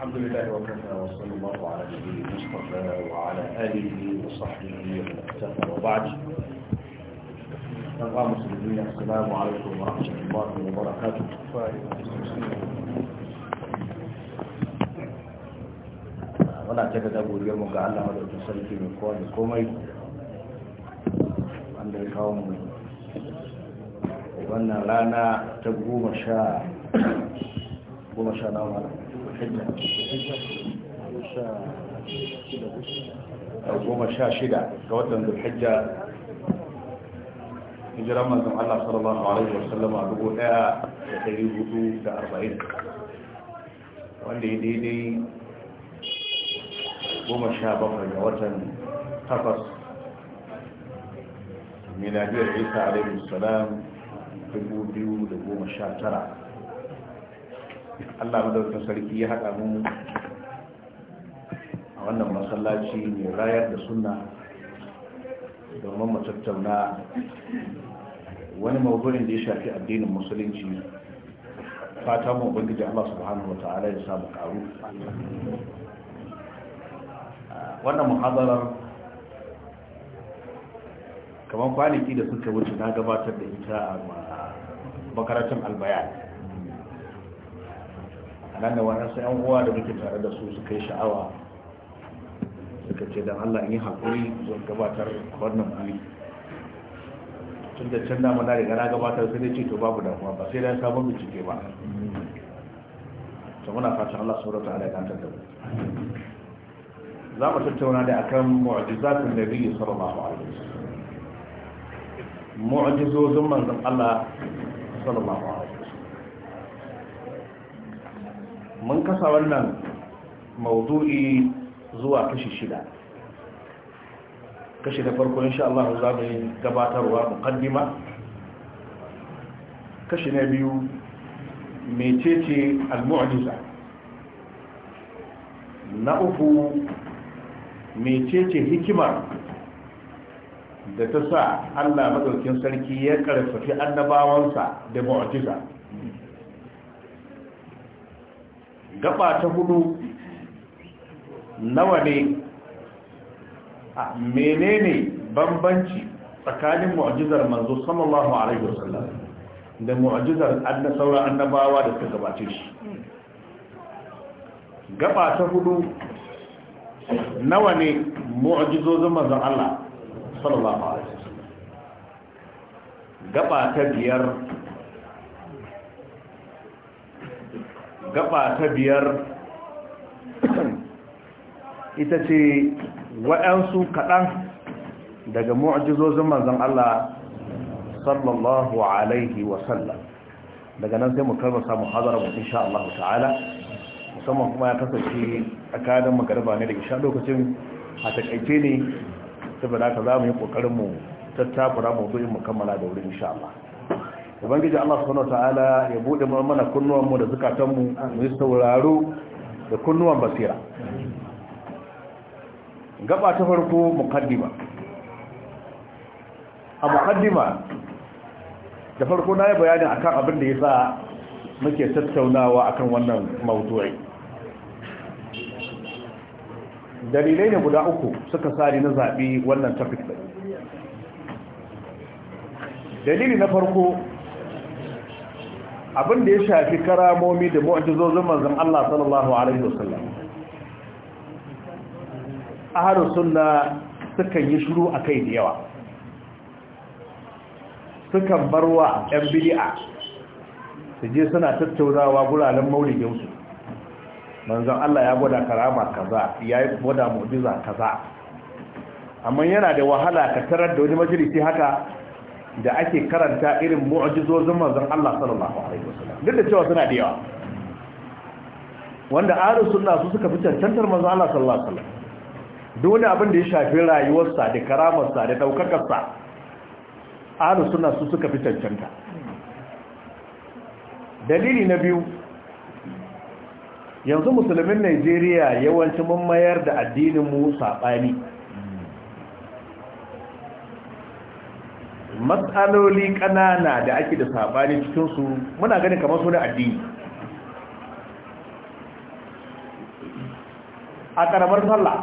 الحمد لله وكفى وصلى الله على نبيه المصطفى وعلى اله وصحبه ومن اتقى وبعد نبقى مسلمين السلام عليكم ورحمه الله وبركاته ولا تجد ابو اليوم كعلم لو تسلك من قوى الكومي عند القوم وانا لانا تبغوا مشاعر ومشاعر goma sha shida ga watan zulhijja hijiran manzon Allah sallallahu alaihi wasallama dubu daya da dari hudu da arba'in wanda ya daidai goma sha bakwai ga watan takwas miladiyar isa alaihi salam dubu biyu da goma sha tara Allah madaukakin sarki ya haɗa mu a wannan masallaci mai rayar da sunna domin mu tattauna wani mawdu'in da ya shafi addinin musulunci fata mu da Allah subhanahu wa ta'ala ya samu karu wannan muhadarar kamar kwanaki da suka wuce na gabatar da ita a makarantar albayan nan da waɗansu 'yan uwa da muke tare da su su kai sha'awa suka ce don allah yi haƙuri zan gabatar wannan hali. tun da can dama na riga na gabatar sai dai ce to babu damuwa ba sai dai sabon bincike ba to muna fatan allah saurata ta'ala ya gantar da mu za mu tattauna da akan mu'jizatun nabiyyi sallallahu alaihi wasallam mu'jizozin manzon allah sallallahu alaihi mun kasa wannan maudu'i zuwa kashi shida kashi da farko insha Allah za mu yi gabatarwa muqaddima kashi na biyu mecece al-mu'jiza na uku mecece hikimar da ta sa Allah madaukin sarki ya karfafi annabawansa da mu'jiza gaba ta hudu nawa ne a menene bambanci tsakanin mu'ajizar manzo sallallahu alaihi wasallam da mu'ajizar annabawa sauran annabawa da suka gabace shi gaba ta hudu nawa ne mu'ajizozin manzo Allah sallallahu alaihi wasallam gaba ta biyar gaba ta biyar ita ce waɗansu kaɗan daga mu'ajizozin manzan Allah sallallahu alaihi wasallam daga nan sai mu karba mu hazara mu insha Allah ta'ala musamman kuma ya kasance tsakanin magarba ne da isha lokacin a takaice ne saboda haka za mu yi ƙoƙarin mu tattafura mu zuwa mu kammala da wurin insha Allah ubangiji Allah subhanahu ta'ala ya bude mana kunnuwanmu da zukatanmu mu yi sauraro da kunnuwan basira gaba ta farko mukaddima a mukaddima da farko na yi bayani kan abin da ya sa muke tattaunawa akan wannan mawdu'i dalilai ne guda uku suka sari na zaɓi wannan tafi dalili na farko abin da ya shafi karamomi da mu'ajizozin manzon Allah sallallahu alaihi wasallam ahlus sunna sukan yi shiru akai da yawa sukan barwa ɗan bid'a su je suna tattaunawa guraren maulidinsu manzon Allah ya gwada karama kaza ya gwada mu'jiza kaza amma yana da wahala ka tarar da wani majalisi haka da ake karanta irin mu'ajizozin manzon Allah sallallahu alaihi wasallam duk da cewa suna da yawa wanda ahlus sunna su suka fi cancantar manzon Allah sallallahu alaihi wasallam duk abin da ya shafi rayuwarsa da karamarsa da daukakarsa ahlus sunna su suka fi cancanta dalili na biyu yanzu musulmin Najeriya yawanci mun mayar da addinin mu sabani matsaloli ƙanana da ake da cikin cikinsu muna ganin kamar suna addini a ƙaramar sallah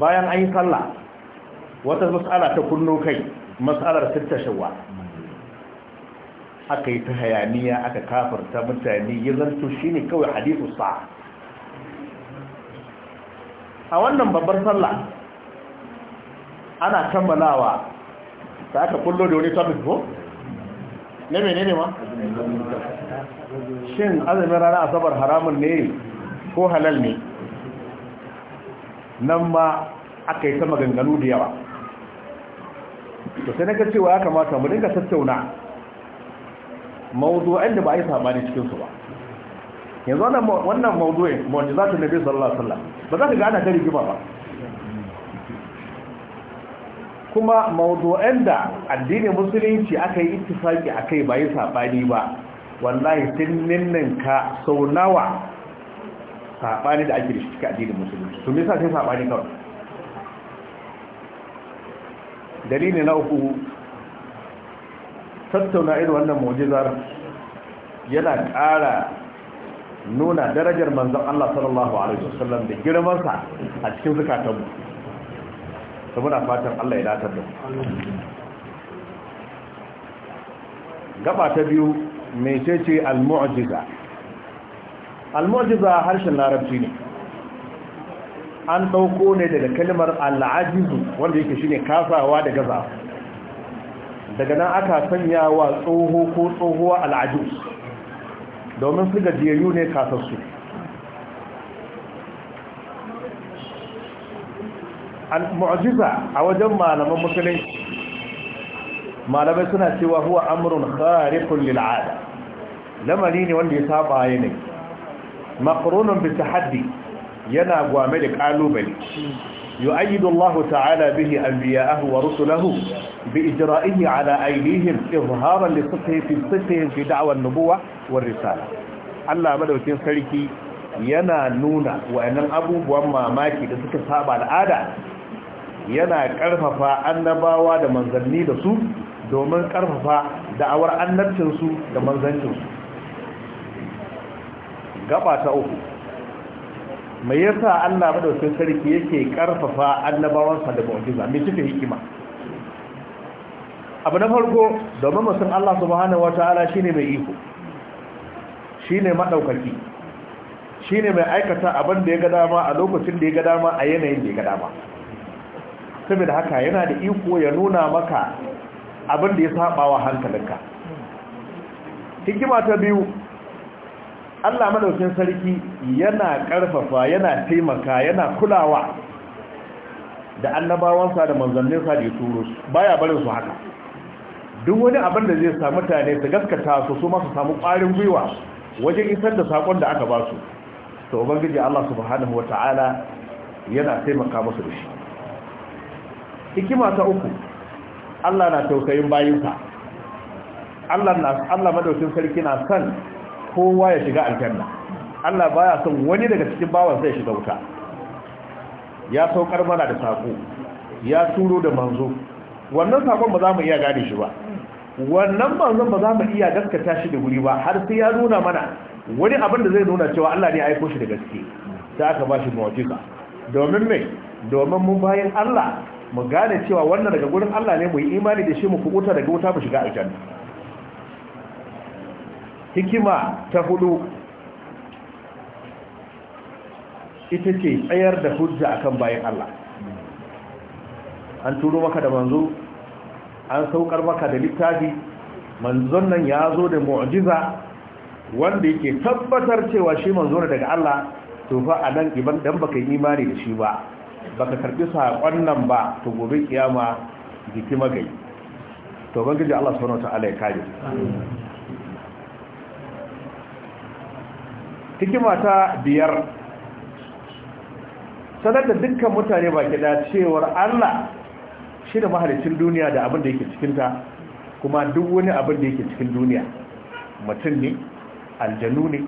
bayan an yi sallah wata matsala ta kunno kai matsalar tattashewa aka yi ta hayaniya aka kafarta mutane ya zanto shi ne kawai hadisu sa a wannan babbar sallah ana kammalawa da aka kullo da wani topic ko na ne ma shin azumin rana asabar haramun ne ko halal ne nan ma aka yi ta maganganu da yawa to sai naka cewa ya kamata mu dinga tattauna mawdu'an da ba a yi sabani cikin su ba yanzu wannan mawdu'in mu'jizatul nabi sallallahu alaihi wasallam ba za ka ga ana ta rigima ba kuma mawdu'an da addinin musulunci aka yi ittifaki akai ba yi sabani ba wallahi sun ka sau nawa sabani da ake da shi cikin addinin musulunci Su me yasa sai sabani kawai dalili na uku tattauna irin wannan mu'jizar yana ƙara nuna darajar manzan Allah sallallahu alaihi wasallam da girmansa a cikin zukatanmu ta muna fatan Allah ya datar da gaba ta biyu ce al-mu'jiza al-mu'jiza harshen larabci ne an ɗauko ne daga kalmar al'ajizu wanda yake shine kasawa da gaza daga nan aka sanya wa tsoho ko tsohuwa al'adu. domin su gajiyayyu ne kasassu mu'jiza a wajen malaman musulunci malamai suna cewa huwa amrun khariqun lil 'ada lamari ne wanda ya saba yanayi maqrunun bi tahaddi yana gwame da kalubale yu'ayyidu ta'ala bihi anbiya'ahu wa rusulahu bi ijra'ihi 'ala aydihim izharan li sihhi fi sihhi fi da'wa an-nubuwah war risala Allah madaukin sarki yana nuna wa'annan abubuwan mamaki da suka saba al'ada yana karfafa annabawa da manzanni da su domin karfafa da'awar annabcinsu da manzancinsu gaba ta uku mai yasa allah madaukin sarki yake karfafa annabawansa da mu'jiza mai cikin hikima abu na farko domin musun allah subhanahu shi shine mai iko shine shi shine mai aikata abin da ya ga dama a lokacin da ya ga dama a yanayin da ya ga dama saboda haka yana da iko ya nuna maka abin da ya saba wa hankalinka hikima ta biyu Allah madaukin sarki yana karfafa yana taimaka yana kulawa da annabawansa da manzannin sa da turo baya barin su haka duk wani abin da zai sa mutane su gaskata su su samu ƙwarin gwiwa wajen isar da sakon da aka ba su to ubangiji Allah subhanahu wata'ala yana taimaka musu da shi hikima ta uku Allah na tausayin bayinka Allah na Allah madaukin sarki na san kowa ya shiga aljanna Allah baya son wani daga cikin bawan sai shiga wuta ya saukar mana da sako ya turo da manzo wannan sakon ba za mu iya gane shi ba wannan manzon ba za mu iya gaskata shi da guri ba har sai ya nuna mana wani abin da zai nuna cewa Allah ne ya aiko shi da gaske sai aka ba shi mu'jiza domin me domin mun bayan Allah mu gane cewa wannan daga gurin Allah ne mu yi imani da shi mu kubuta daga wuta mu shiga aljanna hikima ta hudu ita ce tsayar da hujja akan bayan Allah an turo maka da manzo an saukar maka da littafi manzon nan ya zo da mu'jiza wanda yake tabbatar cewa shi manzo ne daga Allah to fa anan iban dan baka yi imani da shi ba Ba ka karbi saƙon nan ba to gobe kiyama jiki magai to bangiji Allah ta ala ya kare hikima ta biyar sanar da dukkan mutane ba da cewar Allah shi da mahalicin duniya da abin da yake cikinta kuma duk wani abin da yake cikin duniya mutum ne aljanu ne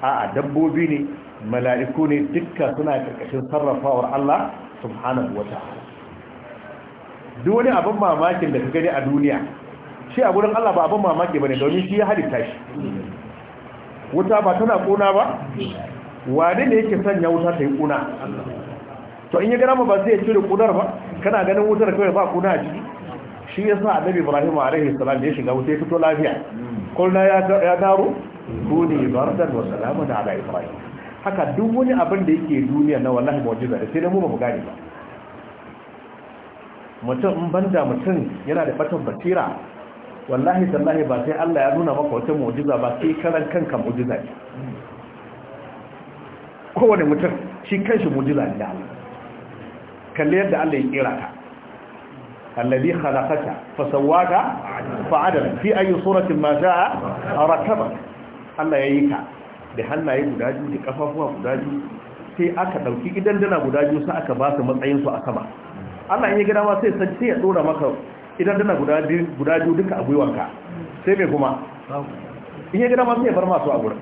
a dabbobi ne mala'iku ne dukkan suna ƙarƙashin sarrafawar Allah subhanahu wa ta'ala duk wani abin mamakin da ka gani a duniya shi a gurin Allah ba abin mamaki bane domin shi ya halitta shi wuta ba tana kona ba wani ne yake sanya wuta ta yi kuna to in ya gana ba zai cire kunar ba kana ganin wutar kawai ba kuna a ciki shi ya sa annabi ibrahim alaihi salam ya shiga wuta ya fito lafiya Kullum ya daru kuni bardan wa salamun ala ibrahim haka duk wani abin da yake duniya na wallahi mu'jiza da sai da mu ba mu gane ba mutum in banda mutum yana da fatan basira wallahi sallahi ba sai Allah ya nuna maka wata mu'jiza ba sai karan kanka mu'jiza ne kowane mutum shi kanshi mu'jiza ne Allah kalle yadda Allah ya kira ka alladhi khalaqaka fasawwaka fa'adala fi ayi suratin ma sha'a rakabaka Allah ya yi ka da hannaye guda biyu da kafafuwa guda biyu sai aka ɗauki idan dana guda biyu sai aka ba su matsayin su a sama Allah in ya gida ma sai sai ya dora maka idan dana guda biyu duka a gwiwanka sai mai kuma in ya gida ma sai ya bar masu a gurin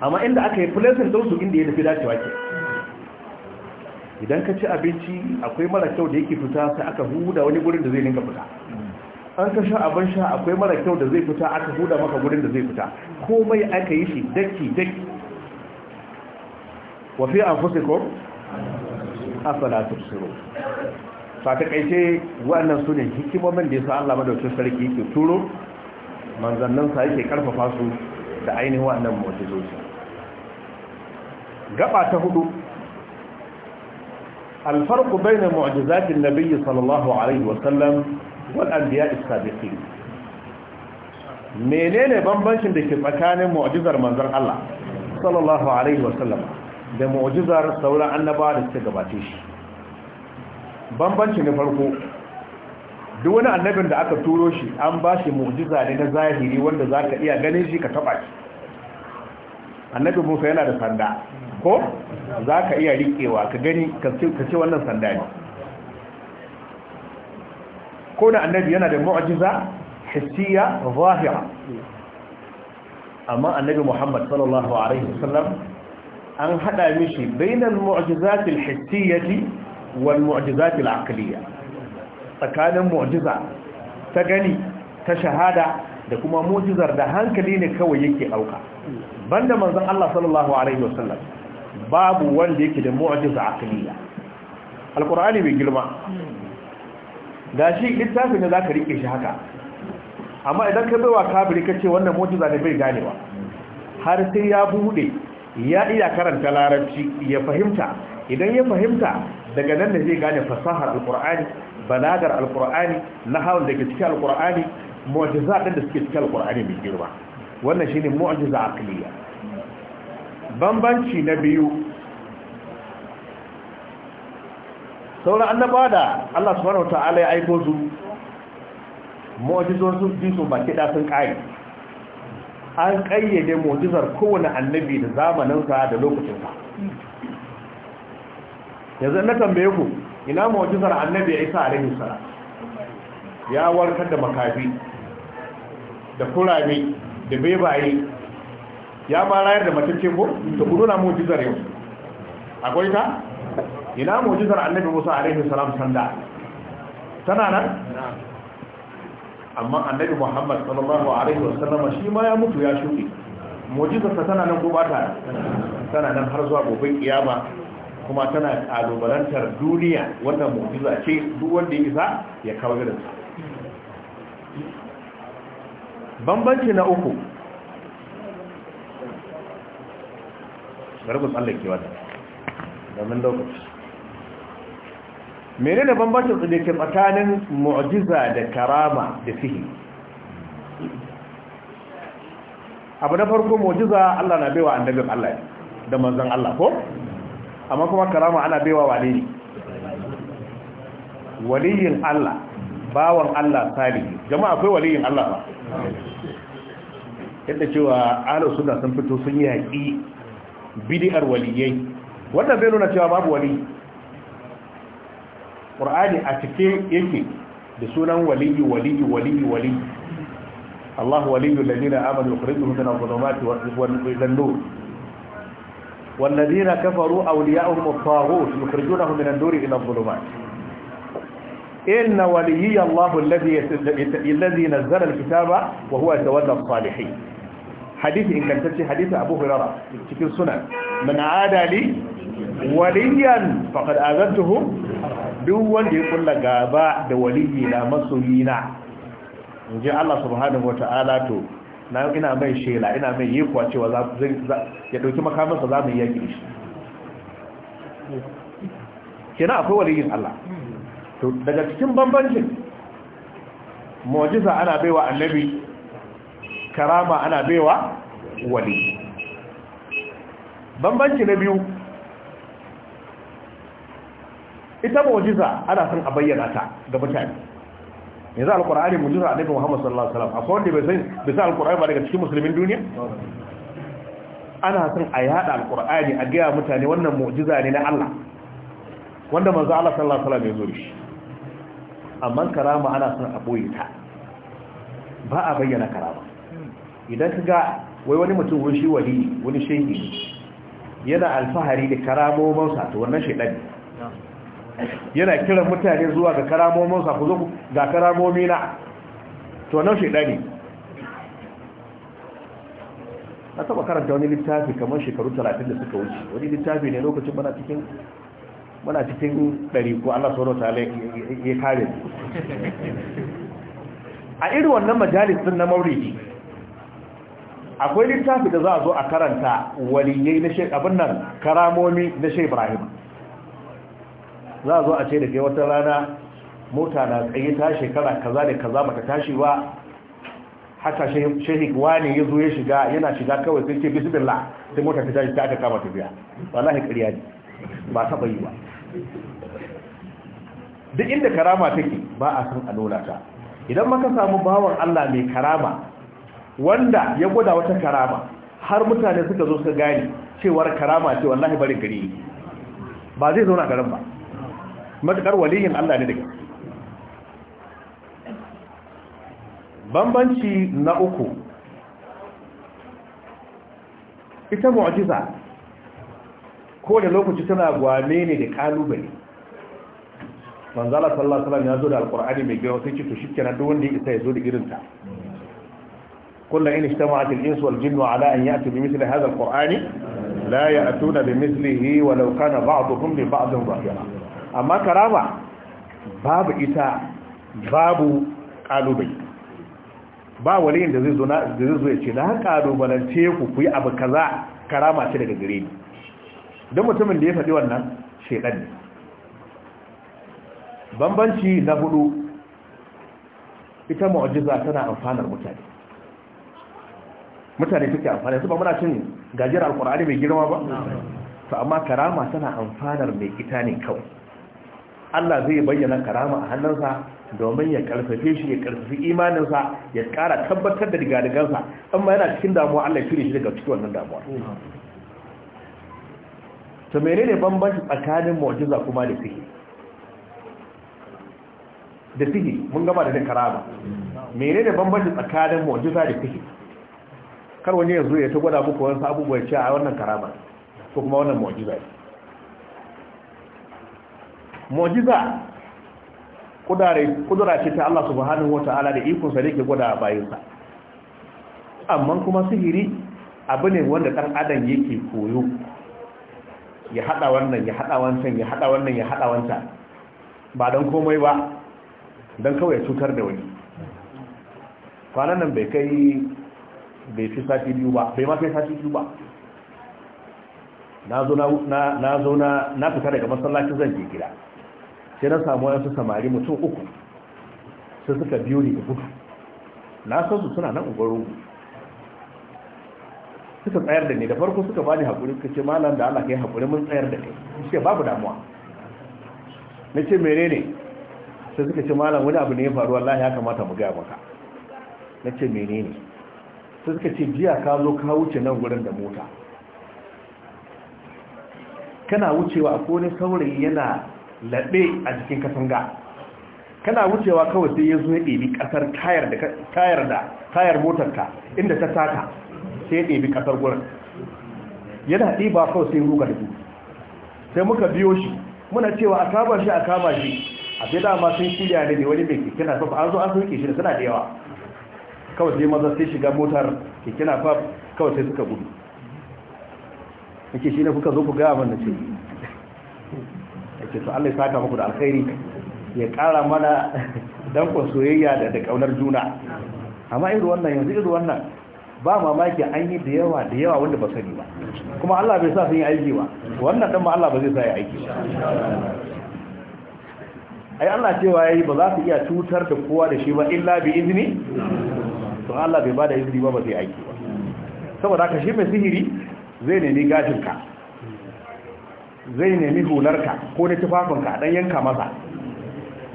amma inda aka yi filesin ɗinsu inda ya tafi dacewa ke idan ka ci abinci akwai mara kyau da yake fita sai aka huda wani gurin da zai ninka fita an ka sha abin sha akwai mara kyau da zai fita aka huda maka gurin da zai fita komai aka yi shi daki daki wafi an fusi ko a salatun siro ta takaice wannan su ne hikimomin da ya sa Allah madaukin sarki ke turo manzannansa yake karfafa su da ainihin wannan mu'jizoji gaba ta hudu alfarku bai معجزات النبي صلى الله عليه wal iska as menene bambancin da ke tsakanin mu'jizar manzan Allah sallallahu alaihi wasallam da mu'jizar sauran annabawa da suka gabace shi bambanci na farko duk wani annabin da aka turo shi an ba shi mu'jiza ne na zahiri wanda za ka iya ganin shi ka taba shi annabin musa yana da sanda ko za ka iya riƙewa ka gani ka ce wannan sanda ne ko da annabi yana da mu'jiza hissiya zahira amma annabi Muhammad sallallahu alaihi wasallam an hada mishi bainal mu'jizat al-hissiyati wal mu'jizat al-aqliyya tsakanin mu'jiza ta gani ta shahada da kuma mu'jizar da hankali ne kawai yake dauka banda manzon Allah sallallahu alaihi wasallam babu wanda yake da mu'jiza aqliyya alqur'ani bai girma da shi littafin da za ka rike shi haka amma idan ka wa kafiri ka ce wannan mujiza ne bai ganewa har sai ya bude ya iya karanta larabci ya fahimta idan ya fahimta daga nan da zai gane fasahar alkur'ani balagar alkur'ani hawan da ke cikin alkur'ani mu'ujiza ɗin da suke cikin alkur'ani mai girma wannan shine a aqliya bambanci na biyu sauran annaba da Allah subhanahu ta'ala ya aiko su mu'jizon su su baki da sun kai an kayyade mu'jizar kowane annabi da zamaninsa da lokacinsa yanzu na tambaye ku ina mu'jizar annabi Isa alaihi salam ya warkar da makafi da kurami da bebaye ya ba rayar da matacce ko ta kuduna yau akwai ta ina mu'jizar annabi Musa alaihi salam sanda tana nan amma annabi Muhammad sallallahu alaihi wasallam shi ma ya mutu ya shuke mu'jizar ta tana nan ko ta tana nan har zuwa gobe kiyama kuma tana kalubalantar duniya wannan mu'jiza ce duk wanda ya isa ya kawo gidan bambanci na uku garbu tsallake wata domin lokaci menene bambancin da ke tsakanin mu'jiza da karama da sihi abu na farko mu'jiza Allah na baiwa annabin Allah da manzon Allah ko amma kuma karama ana baiwa wane ne waliyin Allah bawan Allah sabi jama'a akwai waliyin Allah ba yadda cewa ahlus sunna sun fito sun yi haƙi bid'ar waliyai wannan bai nuna cewa babu waliyi alƙur'ani a cikin yake da sunan waliyu waliyu waliyu waliyu Allah waliyu lalina amalin ƙuridu hudu na gudunmati wannan duri wannan kafaru a wuliya'un mafaru su ƙuridu na hudu na duri ina gudunmati inna waliyu Allah lalazi na zara alfita wa huwa wannan falihi hadithi ingantacce hadithi abu hurara cikin sunan mana adali waliyan faƙad azantuhu duk wanda ya kulla gaba da waliyi na masoyi na in ji Allah subhanahu wa ta'ala to na ina mai shela ina mai yi kuwa cewa ya ɗauki makamansa za mu yi yaƙi shi kina akwai waliyin Allah to daga cikin bambancin mu'jiza ana baiwa annabi karama ana baiwa wali bambanci na biyu ita mu'jiza ana son a bayyana ta ga mutane yanzu alkur'ani mu'jiza annabi Muhammad sallallahu alaihi wasallam akwai wanda bai san bai san alkur'ani ba daga cikin musulmin duniya ana son a yada alkur'ani a ga mutane wannan mu'jiza ne na Allah wanda manzo Allah sallallahu alaihi wasallam ya zo shi amma karama ana son a boye ta ba a bayyana karama idan ka ga wai wani mutum wani shi wali wani shehi yana alfahari da karamomansa to wannan shi ne yana kiran mutane zuwa ga karamominsa ku zo ga karamomina to nan shaidani na taba karanta wani littafi kamar shekaru 30 da suka wuce wani littafi ne lokacin mana cikin mana cikin ɗari ko Allah sauran ta ya kare a irin wannan majalis din na mauridi akwai littafi da za a zo a karanta waliyyai na shek abin nan karamomi na shek ibrahim za a zo a ce da ke wata rana mota na tsaye ta shekara kaza da kaza bata tashi ba haka shehik wani ya zo ya shiga yana shiga kawai sai ce bismillah sai mota ta tashi ta aka kama tafiya wallahi ƙarya ne ba taɓa yi ba duk inda karama take ba a san a nuna ta idan maka samu bawan Allah mai karama wanda ya gwada wata karama har mutane suka zo suka gane cewar karama ce wallahi bari gari ba zai zauna garin ba matakar waliyin Allah ne daga bambanci na uku ita mu'ajiza ko da lokaci tana gwane ne da kalubale manzala sallallahu alaihi wasallam ya zo da alqur'ani mai gawa sai ce to na duwanda wanda ya isa ya zo da irin ta kullu in ijtama'at al-insu wal jinnu ala an ya'tu bi mithli hadha al-qur'ani la ya'tuna bi mithlihi walau kana ba'dhuhum li ba'dhin dhahira amma karama babu ita babu kalubale ba wani da zai zo da zai zo ya ce na kalubalance ku ku yi abu kaza karama ce daga gare ni don mutumin da ya faɗi wannan shedan ne bambanci na hudu ita mu'ajiza tana amfanar mutane mutane suke amfani su ba muna cin gajiyar alkur'ani mai girma ba to amma karama tana amfanar mai ita ne kawai Allah zai bayyana karama a hannunsa domin ya karfafe shi ya karfafi imaninsa ya kara tabbatar da rigadigansa amma yana cikin damuwa Allah ya cire shi daga cikin wannan damuwa to menene bambanci tsakanin mu'jiza kuma da sihi? da sihi mun gama da karama menene bambanci tsakanin mu'jiza da sihi? kar wani yanzu ya ta gwada muku wani abubuwa ya ce a wannan karama ko kuma wannan mu'jiza ne kudare kudura ce ta Allah subhanahu wata'ala da ikonsa da ke gwada bayansa amma kuma sihiri abu ne wanda ɗan adam yake koyo ya haɗa wannan ya haɗa wancan ya haɗa wannan ya haɗa wancan ba don komai ba don kawai ya cutar da wani kwanan nan bai kai bai fi sati biyu ba bai ma fi sati biyu ba na zo na fita daga masallacin zan je gida sai na samu wasu samari mutum uku sai suka biyo ni da gudu na san su suna nan ugoro suka tsayar da ni da farko suka bani hakuri, suka ce malam da Allah kai hakuri mun tsayar da kai suke babu damuwa na ce menene sai suka ce malam wani abu ne ya faru wallahi ya kamata mu gaya maka na ce menene sai suka ce jiya ka zo ka wuce nan gurin da mota kana wucewa ko ne saurayi yana laɓe a jikin katanga kana wucewa kawai sai ya zo ya ɗebi ƙasar tayar da tayar motarka inda ta taka sai ya ɗebi ƙasar gurin yana ɗiba kawai sai ruga da sai muka biyo shi muna cewa a kama shi a kama shi a sai dama sun shirya ne wani mai na fab an zo an soke shi da suna da yawa kawai sai maza sai shiga motar na fab kawai sai suka gudu shi ne kuka zo ku gaya mana ce ce su Allah ya saka muku da alkhairi ya kara mana dankon soyayya da ƙaunar juna amma irin wannan yanzu irin wannan ba mamaki an yi da yawa da yawa wanda ba sani ba kuma Allah bai sa sun yi aiki ba wannan dan ma Allah ba zai sa ya aiki ba ai Allah cewa yayi ba za su iya tutar da kowa da shi ba illa bi izini to Allah bai bada izini ba ba zai aiki ba saboda haka shi mai sihiri zai ne gashin ka zai nemi hularka ko da tufafinka dan yanka masa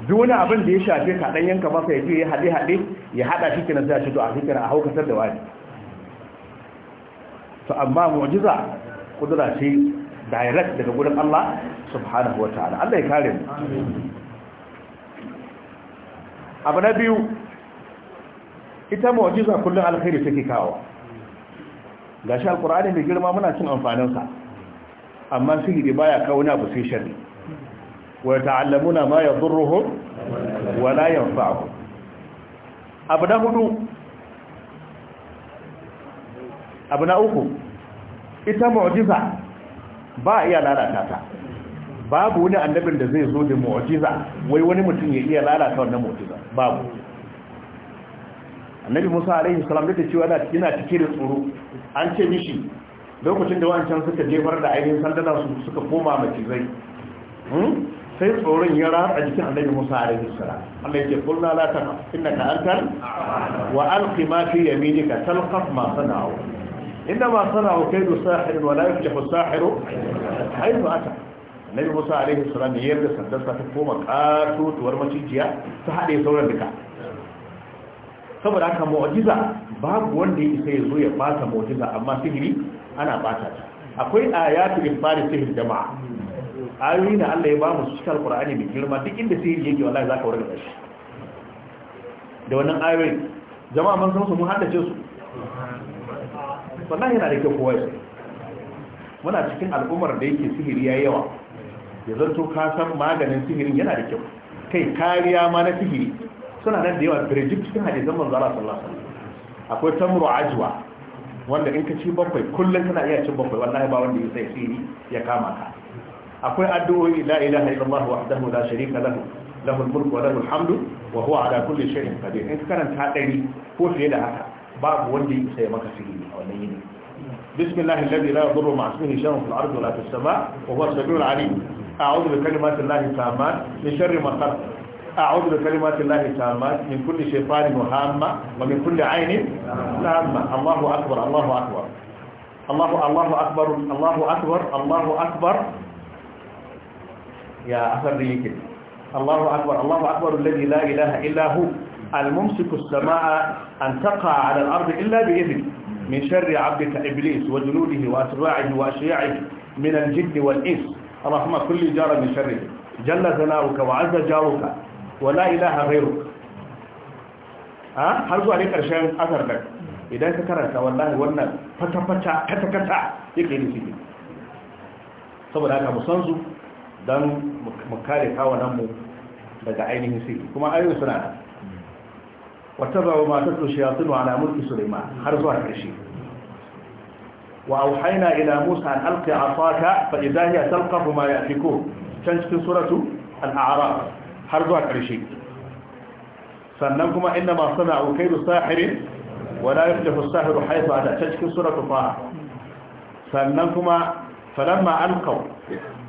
duk wani abin da ya shafe ka dan yanka masa ya fiye ya haɗe haɗe ya haɗa shi kenan zai a ce to a fikira a haukatar da wani to amma mu'jiza kudura ce direct daga gurin Allah subhanahu wa ta'ala Allah ya kare mu abu na biyu ita mu'jiza kullun alkhairi take kawo gashi alqur'ani mai girma muna cin amfanin sa amma sihiri baya kawo na abu sai sharri wa ta'allamuna ma zurruhu wa la yanfa'uhum abu na hudu abu na uku ita mu'jiza ba iya lalata ta babu wani annabin da zai zo da mu'jiza wai wani mutum ya iya lalata wannan mu'jiza babu annabi Musa alaihi salam da cewa yana cike da tsoro an ce mishi lokacin da wancan suka jefar da ainihin sandana su suka koma macizai hmm? sai tsoron ya a jikin annabi Musa alaihi salam Allah yake kullu la taqa innaka antal wa alqi ma fi yaminika talqaf ma sana'u inna ma sana'u kaydu sahir wa la yuflihu sahiru haythu ata annabi Musa alaihi salam ya sandan sandarsa ta koma katutuwar macijiya ta haɗe sauran duka saboda aka mu'jiza babu wanda ya isa ya zo ya fata mu'jiza amma sihiri ana bata ta akwai ayatu ibari sihir jama'a ayoyi da Allah ya ba mu cikin alqur'ani mai girma duk inda sihiri yake wallahi zaka wurin shi da wannan ayoyi jama'a mun san su mun haddace su wallahi yana da kyau kowa ya muna cikin al'ummar da yake sihiri yayi yawa ya zanto ka san maganin sihirin yana da kyau kai kariya ma na sihiri suna nan da yawa birjik cikin hadisan manzo Allah sallallahu alaihi wasallam akwai tamru ajwa wanda in ka ci bakwai kullum kana iya cin bakwai wallahi ba wanda ya sai ya kama ka akwai addu'o'i la ilaha illallah wahdahu la sharika lahu lahul mulku wa lahul hamdu wa huwa ala kulli shay'in qadir in ka karanta dari ko fiye da haka babu wanda ya sai maka sihiri a wannan yini bismillah alladhi la yadurru ma'a ismihi shay'un fil ardi wa la fis sama' wa huwa as-sami'ul 'alim a'udhu bi kalimati llahi tammat min أعوذ بكلمات الله التامات من كل شيطان وهامة ومن كل عين لامة الله أكبر الله أكبر الله الله أكبر الله أكبر الله أكبر يا أخر كده الله أكبر الله أكبر الذي لا إله إلا هو الممسك السماء أن تقع على الأرض إلا بإذن من شر عبدك إبليس وجنوده وأتباعه وأشياعه من الجد والإنس اللهم كل جار من شره جل ثناؤك وعز جارك wala ilaha ghairu har zuwa ne karshen asar da idan ka karanta wallahi wannan fata-fata kata-kata yake da shi saboda haka mu san su don mu kare kawanan mu daga ainihin sirri kuma ayoyi suna da. wata ba ma ta tushe ya tuno ala mulki suleiman har zuwa karshe wa auhayna ila musa an alqi asaka fa idha hiya talqafu ma yafikun can cikin suratu al-a'raf har zuwa ƙarshe sannan kuma inda masu na'u kai da sahirin wala yi da sahiru haifu a dace cikin suratu fa'a sannan kuma falamma an kawo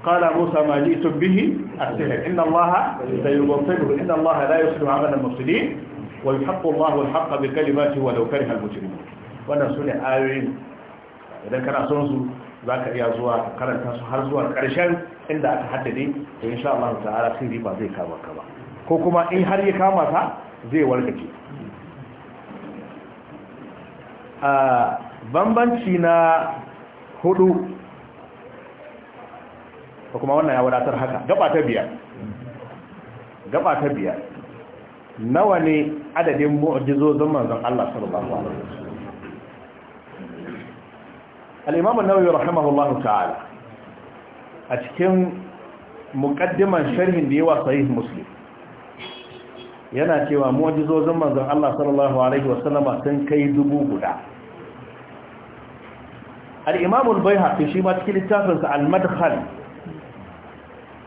kala musa ma ji tun bihi a sihir inda allaha da yi gwamfani inda allaha la yi su da maganin musulmi wani yi haƙƙo allahu alhaƙa bi kalimati wa daukar halmutu wannan su ne ayoyin idan kana son su za ka iya zuwa ka karanta su har zuwa ƙarshen inda aka haddade to insha Allah ta'ala sai riba zai kama ka ba ko kuma in har ya kama ka zai warkake a bambanci na hudu ko kuma wannan ya wadatar haka gaba ta biyar gaba ta biyar nawa ne adadin mu'jizozin manzon Allah sallallahu alaihi wasallam al-imam an-nawawi rahimahullahu ta'ala a cikin muqaddiman sharhin da yi wa sahih muslim yana cewa mu'jizozin manzon Allah sallallahu alaihi wasallama sun kai dubu guda al bai al-baihaqi shi ma cikin littafinsa al-madkhal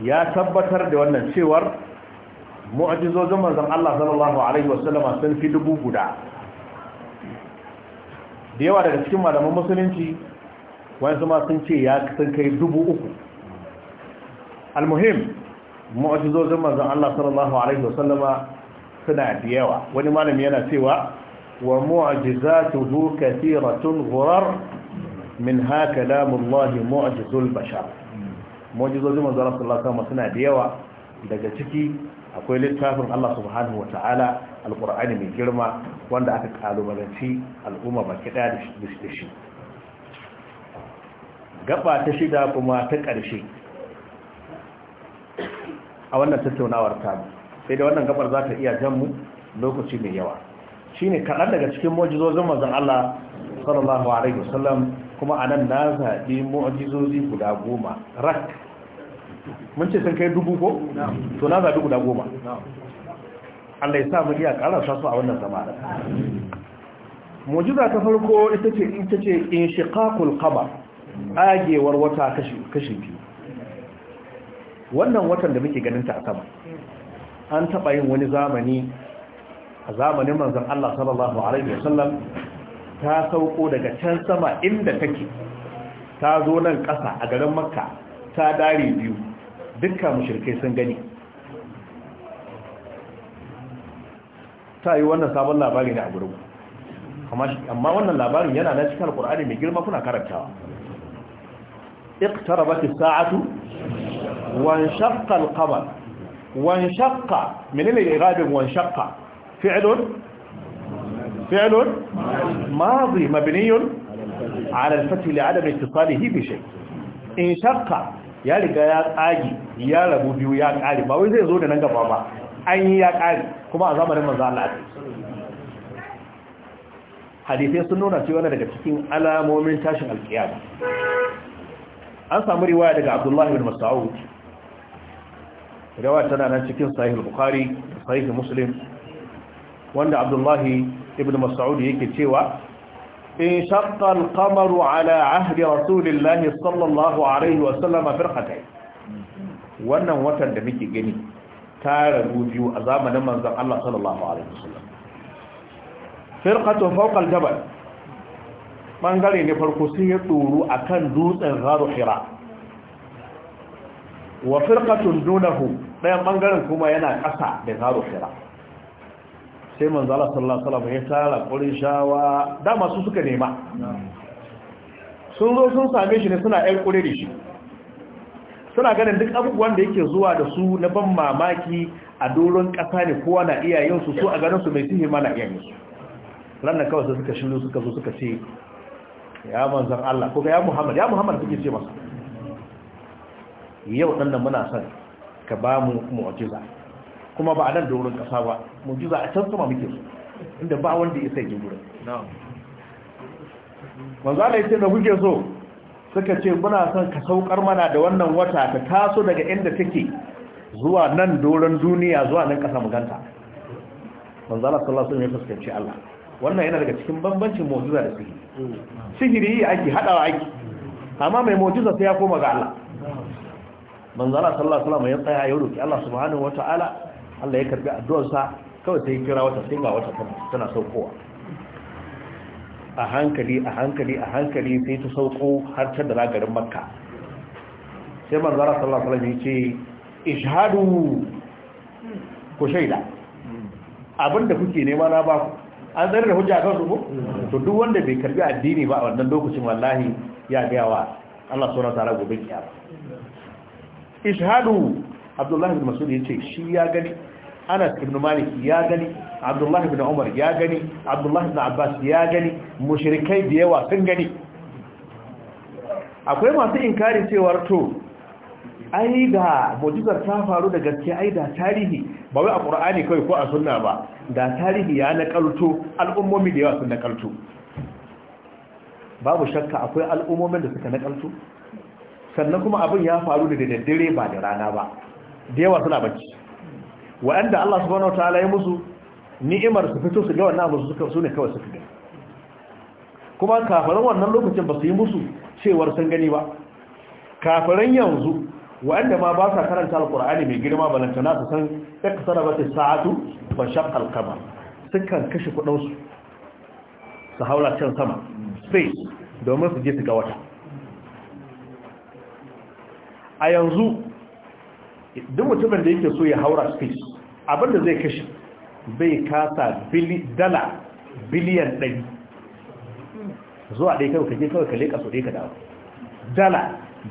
ya tabbatar da wannan cewar mu'ajizozin manzon Allah sallallahu alaihi wasallam sun fi dubu guda da yawa daga cikin malamin musulunci wani ma sun ce ya sun kai dubu uku almuhim mu'ajizozin manzon Allah sallallahu alaihi wasallama suna da yawa wani malami yana cewa wa mu'ajizatuhu kathiratun ghurar min ha kalamullahi mu'ajizul bashar mu'ajizozin manzon Allah sallallahu alaihi wasallama suna da yawa daga ciki akwai littafin Allah subhanahu wa ta'ala alqur'ani mai girma wanda aka kalubalanci al'umma baki daya da shi gaba ta shida kuma ta ƙarshe a wannan tattaunawar tamu sai da wannan gabar za ta iya jan mu lokaci mai yawa Shi ne kaɗan daga cikin mojizozin mazan Allah sallallahu alaihi wasallam kuma nan na zaɓi mojizozi guda goma rak mun ce sun kai dubu ko to na zaɓi guda goma Allah ya sa mu iya ƙarar sasu a wannan zama mu'jiza ta farko ita ce in ce inshiqaqul agewar wata kashi biyu wannan watan da muke ganin ta a sama an taɓa yin wani zamani a zamanin manzan Allah sallallahu Alaihi wasallam ta sauko daga can sama inda take ta zo nan ƙasa a garin makka ta dare biyu dukka mashirkai sun gani ta yi wannan sabon labari ne a gurin amma wannan labarin yana na cikin alkur'ani mai girma kuna karantawa اقتربت الساعة وانشق القمر وانشق من الإغاب وانشق فعل فعل ماضي مبني على الفتح لعدم اتصاله بشيء انشق ya riga ya tsagi ya rabu biyu ya ƙari ba wai zai zo da nan gaba ba an yi ya ƙari kuma a zamanin manzo Allah ne hadisai sun nuna cewa daga cikin alamomin tashin alkiyama an samu riwaya daga abdullahi bin mas'ud riwaya tana nan cikin sahih bukhari da sahih muslim wanda abdullahi ibn mas'ud yake cewa in shaqqa al-qamaru ala ahdi rasulillahi sallallahu alaihi wa sallam firqatay wannan watan da muke gani ta rabu biyu a zamanin manzon Allah sallallahu alaihi wa sallam firqatu fawqa al-jabal ɓangare ne farko sun yi tsoro a kan dutsen zaru hira wa firkatun dunahu ɗayan ɓangaren kuma yana ƙasa da zaru hira sai manzala sallallahu alaihi ya tara shawa. dama su suka nema sun zo sun same shi ne suna ƴan ƙure da shi suna ganin duk abubuwan da yake zuwa da su na ban mamaki a doron ƙasa ne kowa na iyayensu su a ganin su mai sihir mana iyayensu ranar kawai suka shiru suka zo suka ce ya manzan Allah ko ya Muhammad ya Muhammad kuke ce masa yau dan nan muna son ka ba mu mu'jiza kuma ba a nan da wurin kasa ba mu'jiza a can kuma muke so inda ba wanda ya sai gurin na'am manzo Allah yake da kuke so suka ce muna son ka saukar mana da wannan wata ta taso daga inda take zuwa nan doron duniya zuwa nan kasa muganta manzo Allah sallallahu alaihi wasallam ya fuskanci Allah wannan yana daga cikin bambancin mojiza da sihiri hmm. sihiri aiki hadawa aiki. amma mai mojiza sai ya koma ga Allah manzo Allah sallallahu alaihi wasallam ya tsaya ya roki Allah subhanahu wataala Allah ya karbi sa kawai sai kira wata sai ga wata tana saukowa a hankali a hankali a hankali sai ta sauko har ta da garin makka sai manzo Allah sallallahu alaihi wasallam ya ce ishadu ku shaida hmm. abinda kuke nema na ba ku an zare da hujja kan rubu to duk wanda bai karbi addini ba a wannan lokacin wallahi ya gaya wa Allah sauran tara gobe ba. ishadu abdullahi bin masud yace shi ya gani anas ibn malik ya gani abdullahi bin umar ya gani abdullahi bin abbas ya gani mushrikai da yawa sun gani akwai masu inkari cewar to ai da mujizar ta faru da gaske ai da tarihi ba wai a qur'ani kai ko a sunna ba da tarihi ya nakalto al'ummomi da yawa sun nakalto babu shakka akwai al'ummomin da suka nakalto sannan kuma abin ya faru da daddare ba da rana ba da yawa suna bacci wa'anda Allah subhanahu wataala ya musu ni'imar su fito su ga wannan abu suka su ne kawai suka ga kuma kafaran wannan lokacin ba su yi musu cewar sun gani ba kafaran yanzu wa'anda ma ba sa karanta alqur'ani mai girma balanta su san iqtarabat as-sa'atu wa shaqqa al-qamar sukan kashe kudin su su haula can sama space domin su je su ga wata a yanzu duk mutumin da yake so ya haura space abinda zai kashe bai kasa dala biliyan ɗari zuwa ɗai kawai kaje kawai ka leka su ɗai ka dawo dala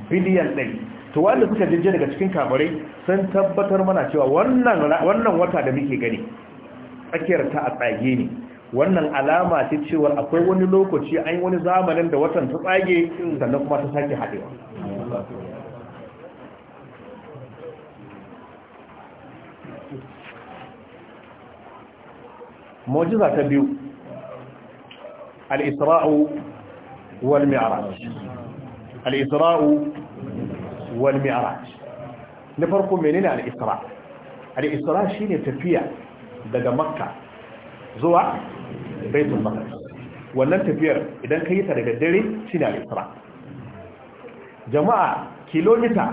biliyan ɗari to wanda suka jirje daga cikin kabarai, sun tabbatar mana cewa wannan wata da muke gani tsakiyar ta a tsage ne wannan alama ce cewa akwai wani lokaci an yi wani zamanin da watan ta tsage sannan kuma ta sake haɗewa mojiza ta biyu al-isra'u wal mi'raj al-isra'u wal mi'raj na farko menene al-isra al-isra shine tafiya daga makka zuwa baitul maqdis wannan tafiyar idan ka yi ta daga dare shine al-isra jama'a kilomita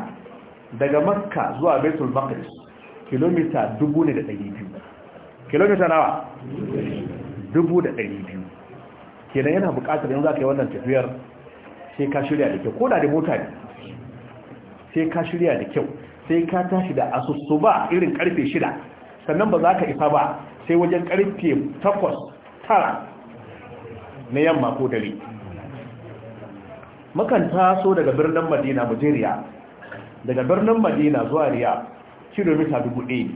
daga makka zuwa baitul maqdis kilomita 1200 kilomita nawa 1200 kenan yana buƙatar yanzu aka yi wannan tafiyar sai ka shirya da ke koda da mota ne sai ka shirya da kyau sai ka tashi da asusu ba irin karfe shida sannan ba za ka isa ba sai wajen karfe takwas tara na yamma ko dare Makan taso daga birnin madina majeriya daga birnin madina zuwa riya kilomita dubu ɗaya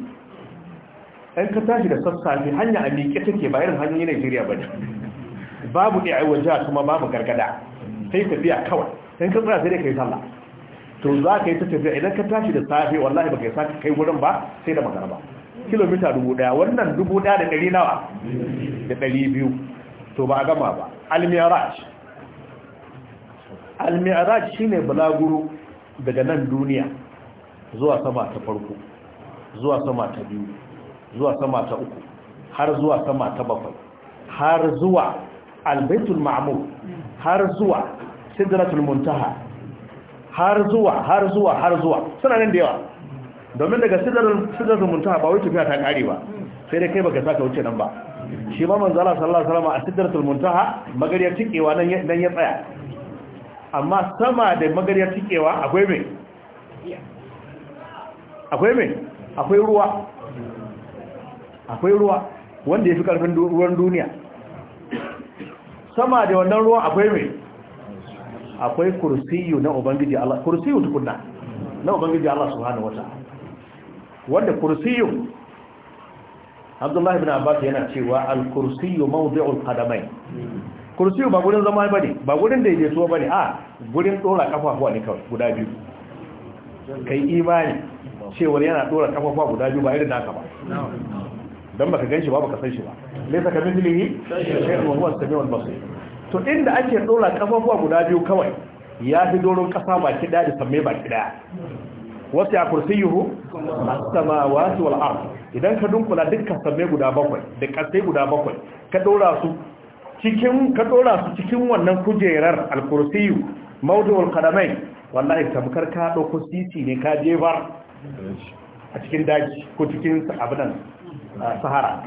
ɗan ka tashi da sassafe hanya a miƙe take bayan hanyoyin najeriya ba babu ɗaya wajen kuma babu gargada sai tafiya kawai ɗan ka tsara sai da kai sallah to za ka yi ta tafiya idan ka tashi da safe wallahi baka yi sa kai wurin ba sai da magana ba kilomita dubu daya wannan dubu daya da dari nawa da dari biyu to ba a gama ba almiraj almiraj shine balaguro daga nan duniya zuwa sama ta farko zuwa sama ta biyu zuwa sama ta uku har zuwa sama ta bakwai har zuwa albaitul ma'mur har zuwa sidratul muntaha har zuwa har zuwa har zuwa suna nan da yawa domin daga sidar zumunta ba wai tafiya ta kare ba sai dai kai baka saka wuce nan ba shi ma manzo Allah sallallahu alaihi wasallam a sidratul muntaha magariyar tikewa nan nan ya tsaya amma sama da magariyar tikewa akwai me akwai me akwai ruwa akwai ruwa wanda yafi karfin ruwan duniya sama da wannan ruwa akwai me akwai kursiyu na ubangiji Allah kursiyu tukunna na ubangiji Allah subhanahu wata'ala wanda kursiyu Abdullah ibn Abbas yana cewa al-kursiyu mawdi'ul qadamai kursiyu ba gurin zama bane ba gurin da yake so bane a gurin dora kafafuwa ne kawai guda biyu kai imani cewar yana dora kafafuwa guda biyu ba irin naka ba dan baka ganshi ba baka san shi ba laysa kamithlihi shay'un wa huwa as-sami'ul basir to inda ake ɗora kafafuwa guda biyu kawai ya fi doron kasa baki ɗaya da samme baki ɗaya wasu ya kursi yuhu sama wasu wal'ar idan ka dunkula dukkan samme guda bakwai da ƙasai guda bakwai ka ɗora su cikin ka dora su cikin wannan kujerar alkursiyu maudu'ul kadamai wallahi tamkar ka ɗauko sisi ne ka jefar a cikin daji ko cikin abinan sahara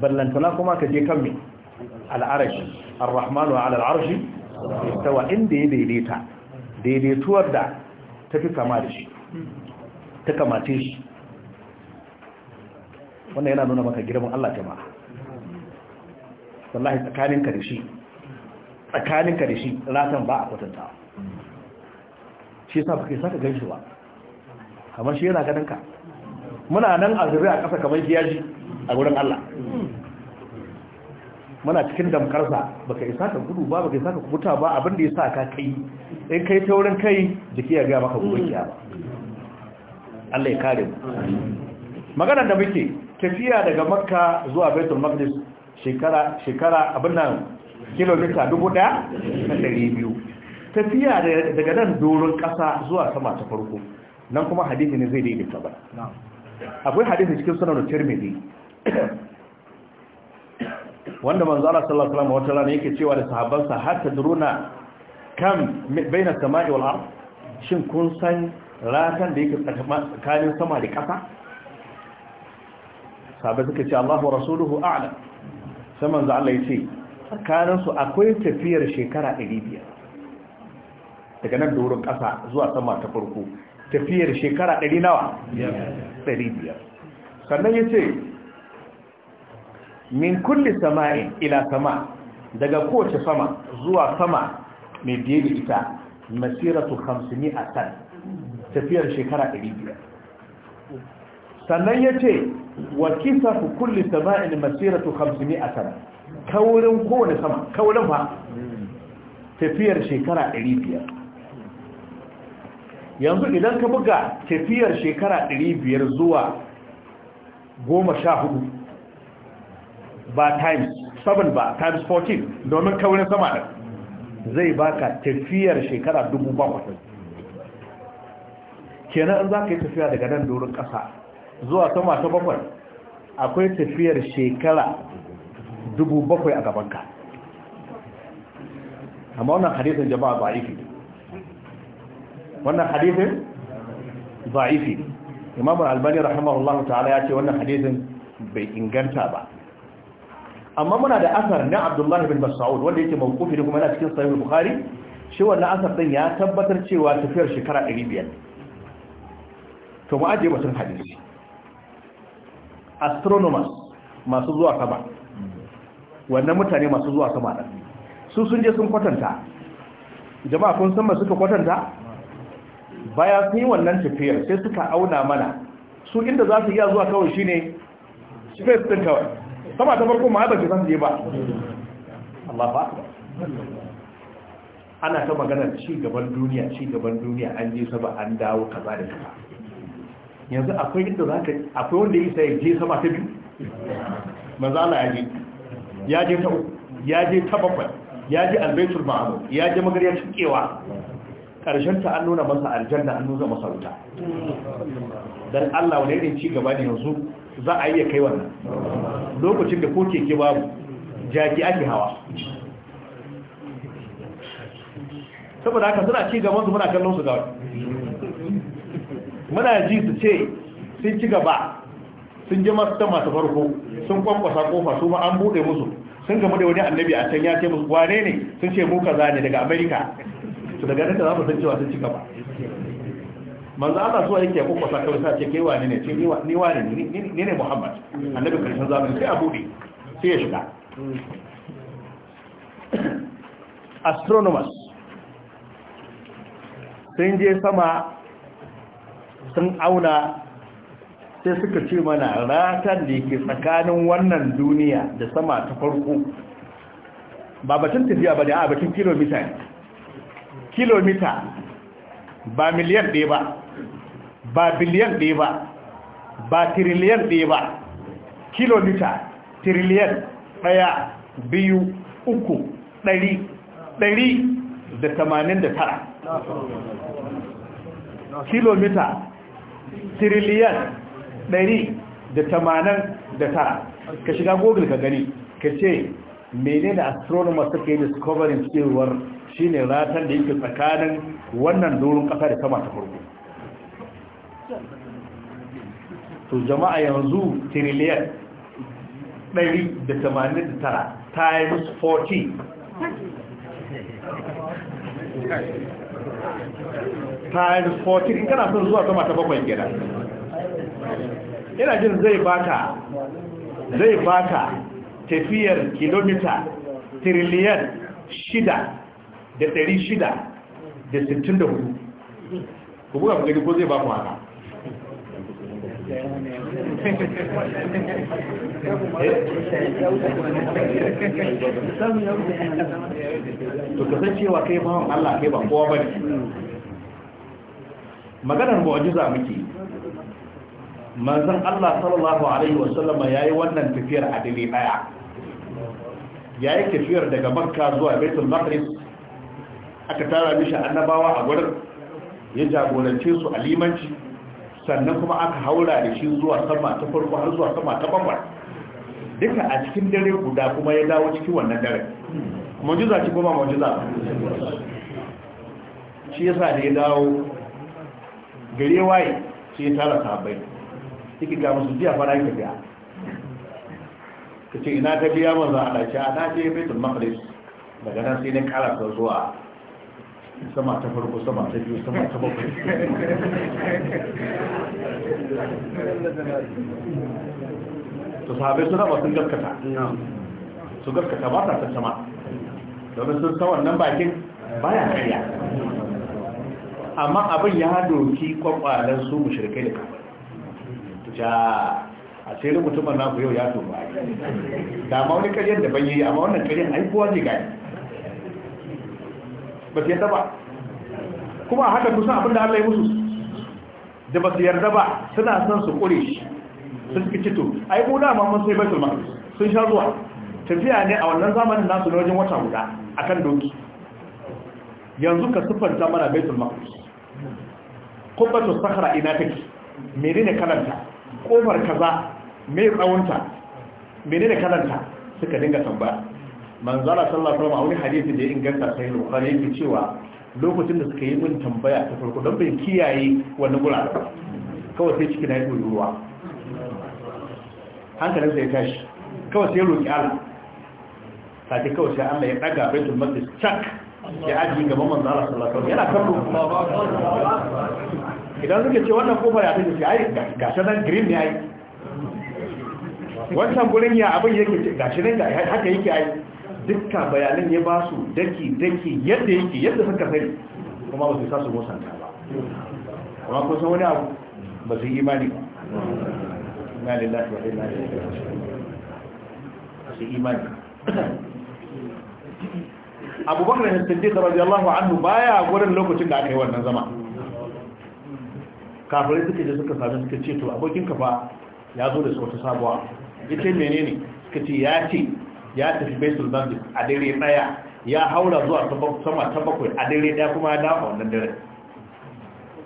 ballantana kuma ka je kan mai al'arashi ar-rahmanu ala al'arshi istawa inda ya daidaita daidaituwar da ta fi kama da shi ta kamace shi wannan yana nuna maka girman Allah jama'a wallahi tsakaninka da shi tsakaninka da shi ratan ba a kwatanta shi yasa kake saka ganshi ba kamar shi yana ganin ka muna nan a a ƙasa kamar kiyaji a gurin Allah muna cikin damkarsa baka isa ka gudu ba baka isa ka kubuta ba abin da ya sa ka kai in kai ta wurin kai jiki ya gaya maka gobe ba Allah ya kare mu maganar da muke tafiya daga makka zuwa baitul maqdis shekara shekara abin nan kilomita 1200 tafiya daga nan doron kasa zuwa sama ta farko nan kuma hadisi ne zai daidaita ba akwai hadisi cikin sunan tirmidhi wanda manzo Allah sallallahu alaihi wasallam wata rana yake cewa da sahabbansa har ta duruna kam baina samai wal ard shin kun san ratan da yake tsakanin sama da ƙasa sahabbai suka ce Allah wa rasuluhu a'lam sai manzo Allah ya ce tsakanin su akwai tafiyar shekara 500 daga nan da wurin ƙasa zuwa sama ta farko tafiyar shekara 100 nawa 500 sannan ya ce min kulli sama'in ila sama daga kowace sama zuwa sama mai biye da ita masiratu 500 a san tafiyar shekara 500 sannan ya ce wa kisa ku kulli sama'in masiratu 500 a san kaurin kowane sama kaurin ba tafiyar shekara 500 yanzu idan ka buga tafiyar shekara 500 zuwa ba times 7 ba times 14 domin kaurin sama da zai baka tafiyar shekara 7,000 kenan in za ka yi tafiya daga nan doron ƙasa zuwa sama ta bakwai akwai tafiyar shekara 7,000 a gabanka amma wannan hadisin jama'a ba ifi wannan ba ifi imamun albani rahimahullahu ta'ala ya ce wannan hadisin bai inganta ba amma muna da asar na abdullahi bin mas'ud wanda yake mawqufi da kuma yana cikin sahih bukhari shi wannan asar din ya tabbatar cewa tafiyar shekara 500 to mu aje wasu hadisi astronomers masu zuwa sama wannan mutane masu zuwa sama da su sun je sun kwatanta jama'a kun san masu suka kwatanta baya sun yi wannan tafiyar sai suka auna mana su inda za su iya zuwa kawai shine space din kawai sama ta farko ma ba ki je ba Allah ba ana ta magana ci gaban duniya ci gaban duniya an je saba an dawo kaza da kaza yanzu akwai inda za ka akwai wanda isa ya je sama ta biyu Maza Allah ya je ya je ta ya je ta bakwai ya je albaitul ma'amu ya je magariyar cikewa karshen ta an nuna masa aljanna an nuna masa wuta dan Allah wani irin ci gaba ne yanzu za a iya kai wannan lokacin da ko keke babu jaki ake hawa saboda haka suna ci gaban su muna kallon su gawa muna ji su ce sun ci gaba sun ji masu tan masu farko sun kwankwasa kofa su ma an buɗe musu sun gamu da wani annabi a can ya ce musu wane ne sun ce muka za ne daga amerika su daga nan za mu san cewa sun ci gaba manzo Allah zuwa yake ko kwasa kawai sai ce kai wani ne ce ni wani ne ni ne Muhammad annabi karshen zamani sai a bude sai ya shiga astronomers sun je sama sun auna sai suka ce mana ratan da ke tsakanin wannan duniya da sama ta farko ba batun tafiya ba da a batun kilomita kilomita ba miliyan ɗaya ba ba biliyan ɗaya ba ba tiriliyan ɗaya ba kilomita tiriliyan ɗaya biyu uku ɗari ɗari da tamanin da tara kilomita tiriliyan ɗari da tamanin da tara ka shiga google ka gani ka ce mene da astronomer suka yi discovering cewar shine ratar da yake tsakanin wannan doron ƙasa da sama ta farko to jama'a yanzu tiriliyan 189 times 40 times 40 in kana sun zuwa sama ta bakwai gida ina jin zai bata zai bata tafiyar kilomita trillion shida da ɗari shida da sittin gani ko zai bakwai ku to kasancewa kai bawan Allah kai ba kowa bane maganar mu'jiza muke manzon Allah sallallahu alaihi yayi wannan tafiyar a dare daya yayi tafiyar daga Makka zuwa Baitul Maqdis aka tara mishi annabawa a gurin ya jagorance su a limanci sannan kuma aka haura da shi zuwa sama ta farko har zuwa sama ta bakwai duka a cikin dare guda kuma ya dawo cikin wannan dare majiza ce kuma majiza shi yasa da ya dawo gare waye sai ya tara sahabbai yake ga musu jiya fara yi tafiya ka ce ina ta biya manzan ala ce a na ya Fetur maqdis daga nan sai na karasa zuwa sama ta farko sama ta biyu sama ta bakwai to sahabai suna ba sun gaskata su gaskata ba sa sama domin sun san wannan bakin baya karya amma abin ya doki kwakwalen su shirkai da kafin ja a sai mutumin naku yau ya tuba da ma wani karyar da ban yi amma wannan karyar aikuwa ne gani ba su yarda ba kuma a haka kusan abin da Allah ya musu da ba su yarda ba suna son su kure shi sun suka cito ai mu da mamman sai baitul maqdis sun sha zuwa tafiya ne a wannan zamanin nasu na wajen wata guda akan doki yanzu ka siffanta mana baitul maqdis kubbatu sahara ina take menene kalanta kofar kaza me tsawonta menene kalanta suka dinga tambaya Manzara sallallahu alaihi wasallam a wani hadisi da ya inganta sai bukhari yake cewa lokacin da suka yi min tambaya ta farko don bai kiyaye wannan gurare kawai sai cikin ya ɗori ruwa hankalin sai tashi kawai sai roƙi Allah sai kawai sai Allah ya daga baitul maqdis chak ya ajiye gaban manzara sallallahu alaihi wasallam yana kallo idan suka ce wannan kofar ya tafi ai ga sanan green ne ai wannan gurin ya abin yake gashi nan haka yake ai dukkan bayanan ya ba su daki daki yadda yake yadda suka sani kuma ba su sa su musanta ba kuma kun san wani abu ba su yi imani ba na lillahi wa inna ilaihi raji'un su imani abubakar da siddiq radiyallahu anhu baya gurin lokacin da aka yi wannan zama kafirai suka je suka sami suka ce to abokin ka fa ya zo da wata sabuwa ita menene suka ce ya ce ya tafi baitul maqdis a dare daya ya haura zuwa sama ta bakwai a dare daya kuma ya dawo wannan dare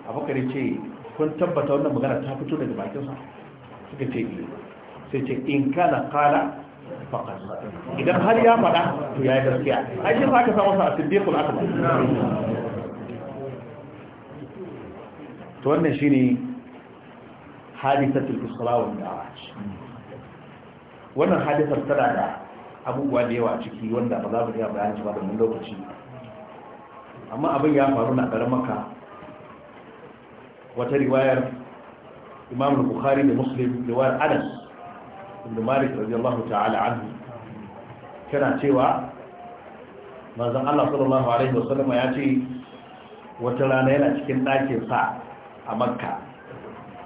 abubakar ce kun tabbata wannan magana ta fito daga bakinsa suka ce ne eh. sai ce in kana kala faƙar idan har ya faɗa to ya yi gaskiya a shi za ka samu sa a siddekul aka to wannan shi ne hadisatul kusurawar da wannan hadisar tana da abubuwa da yawa a ciki wanda ba za mu iya bayani ba domin lokaci amma abin ya faru na garin maka wata riwayar imam bukhari da muslim riwayar anas ibn malik radiyallahu ta'ala anhu kana cewa manzon Allah sallallahu alaihi wasallam ya ce wata rana yana cikin ɗakin sa a makka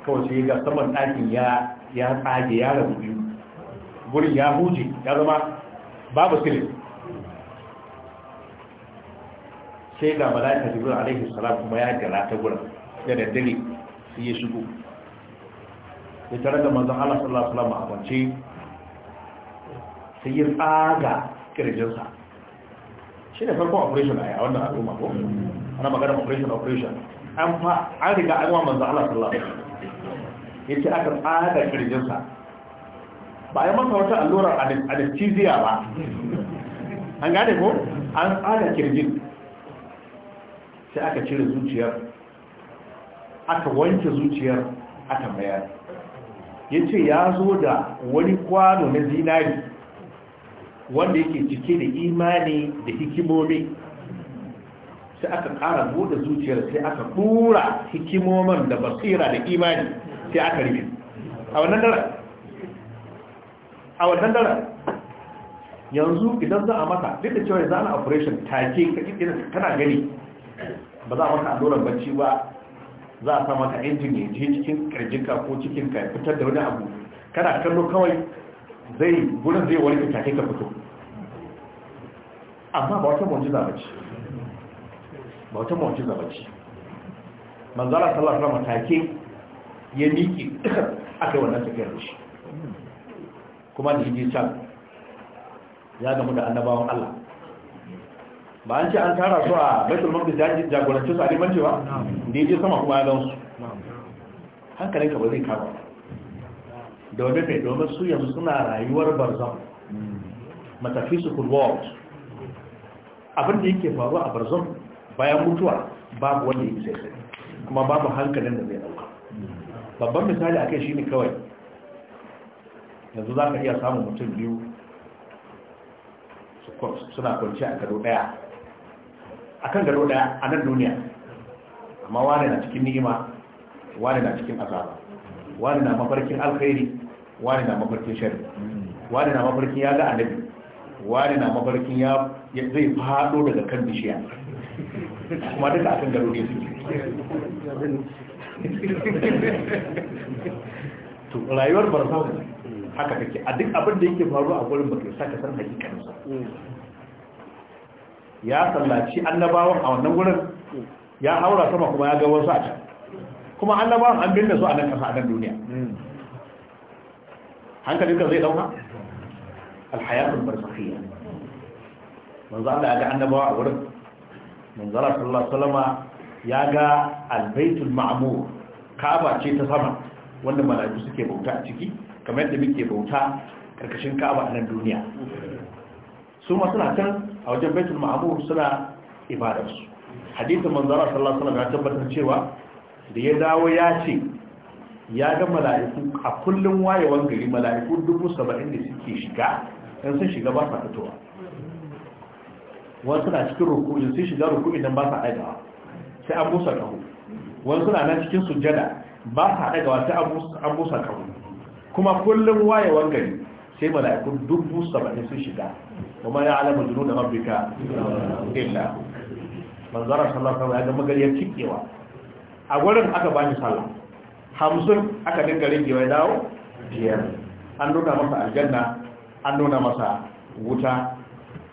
kawai sai ga saman ɗakin ya ya tsage ya rabu biyu gurin ya huje ya zama babu sirri sai ga mala'ika jibril alaihi salam kuma ya gala ta gura da daddare sai ya shigo ya tare da manzan Allah sallallahu alaihi wasallam a kwance sai ya tsaga kirjinsa shi ne farkon operation a wannan al'umma ko ana magana operation operation an fa an riga an wa manzon Allah sallallahu alaihi wasallam yace aka tsaga kirjinsa ba a yi masa wata allurar anesthesia ba an gane ko an tsada kirjin sai aka cire zuciyar aka wanke zuciyar aka bayar ya ce ya zo da wani kwano na zinari wanda yake cike da imani da hikimomi sai aka kara bude zuciyar sai aka kura hikimomin da basira da imani sai aka rufe a wannan dara a wannan dara yanzu idan za a mata duk da cewa za a operation take kana gani ba za a maka alluran bacci ba za a sa ta injin ya je cikin kirjinka ko cikin ka fitar da wani abu kana kallo kawai zai gurin zai wani take ka fito amma ba wata mu'jiza ba ce ba wata mu'jiza ba ce manzala sallallahu alaihi wasallam take ya miki akai wannan tafiyar shi kuma da hiji can ya gamu da annabawan Allah ba an ce an tara su a baitul maqdis ya jagoranci su a neman cewa da yake sama kuma ya gan su hankalin ka ba zai kama domin mai domin su yanzu suna rayuwar barzan matafi su world abin da yake faruwa a barzan bayan mutuwa babu wanda yake sai kuma babu hankalin da zai dauka hmm. babban misali akai shine kawai yanzu za ka iya samun mutum biyu suna kwanci a gado daya a kan gado daya a nan duniya amma wane na cikin ni'ima wane na cikin azaba wane na mafarkin alkhairi wane na mafarkin shari wane na mafarkin ya ga annabi wane na mafarkin ya zai fado daga kan bishiya kuma duka a kan gado ne suke rayuwar barzau haka kake a duk abin da yake faru a gurin baka sa ka san hakikansa mm. ya sallaci annabawan a wannan gurin ya haura sama kuma ya ga wasu a can kuma annabawan an binne su a nan kasa a nan duniya mm. hankalinka zai dauka alhayatul barzakhiyya manzo Allah ya ga annabawa a wurin manzo Allah sallallahu alaihi wasallama ya ga albaytul ma'mur kaaba ce ta sama wanda malaiku suke bauta a ciki kamar yadda muke bauta karkashin ka'aba a nan duniya su ma suna can a wajen baitul ma'amur suna ibadarsu hadisin manzara sallallahu alaihi wasallam ya tabbatar cewa da ya dawo ya ce ya ga mala'iku a kullum wayewan gari mala'iku dubu saba'in da suke shiga dan sun shiga ba sa fitowa wani suna cikin rukunin sun shiga rukunin dan ba sa aidawa sai an busa kahu wani suna nan cikin sujjada ba sa aidawa sai an busa kahu kuma kullum wayewan gari sai mala'ikun dubu saba'in sun shiga kuma ya alama jinu da mafika illa manzara sallallahu alaihi wasallam ya magariyar cikewa a gurin aka bani sallah hamsin aka dinga rigewa ya dawo biyar an nuna masa aljanna an nuna masa wuta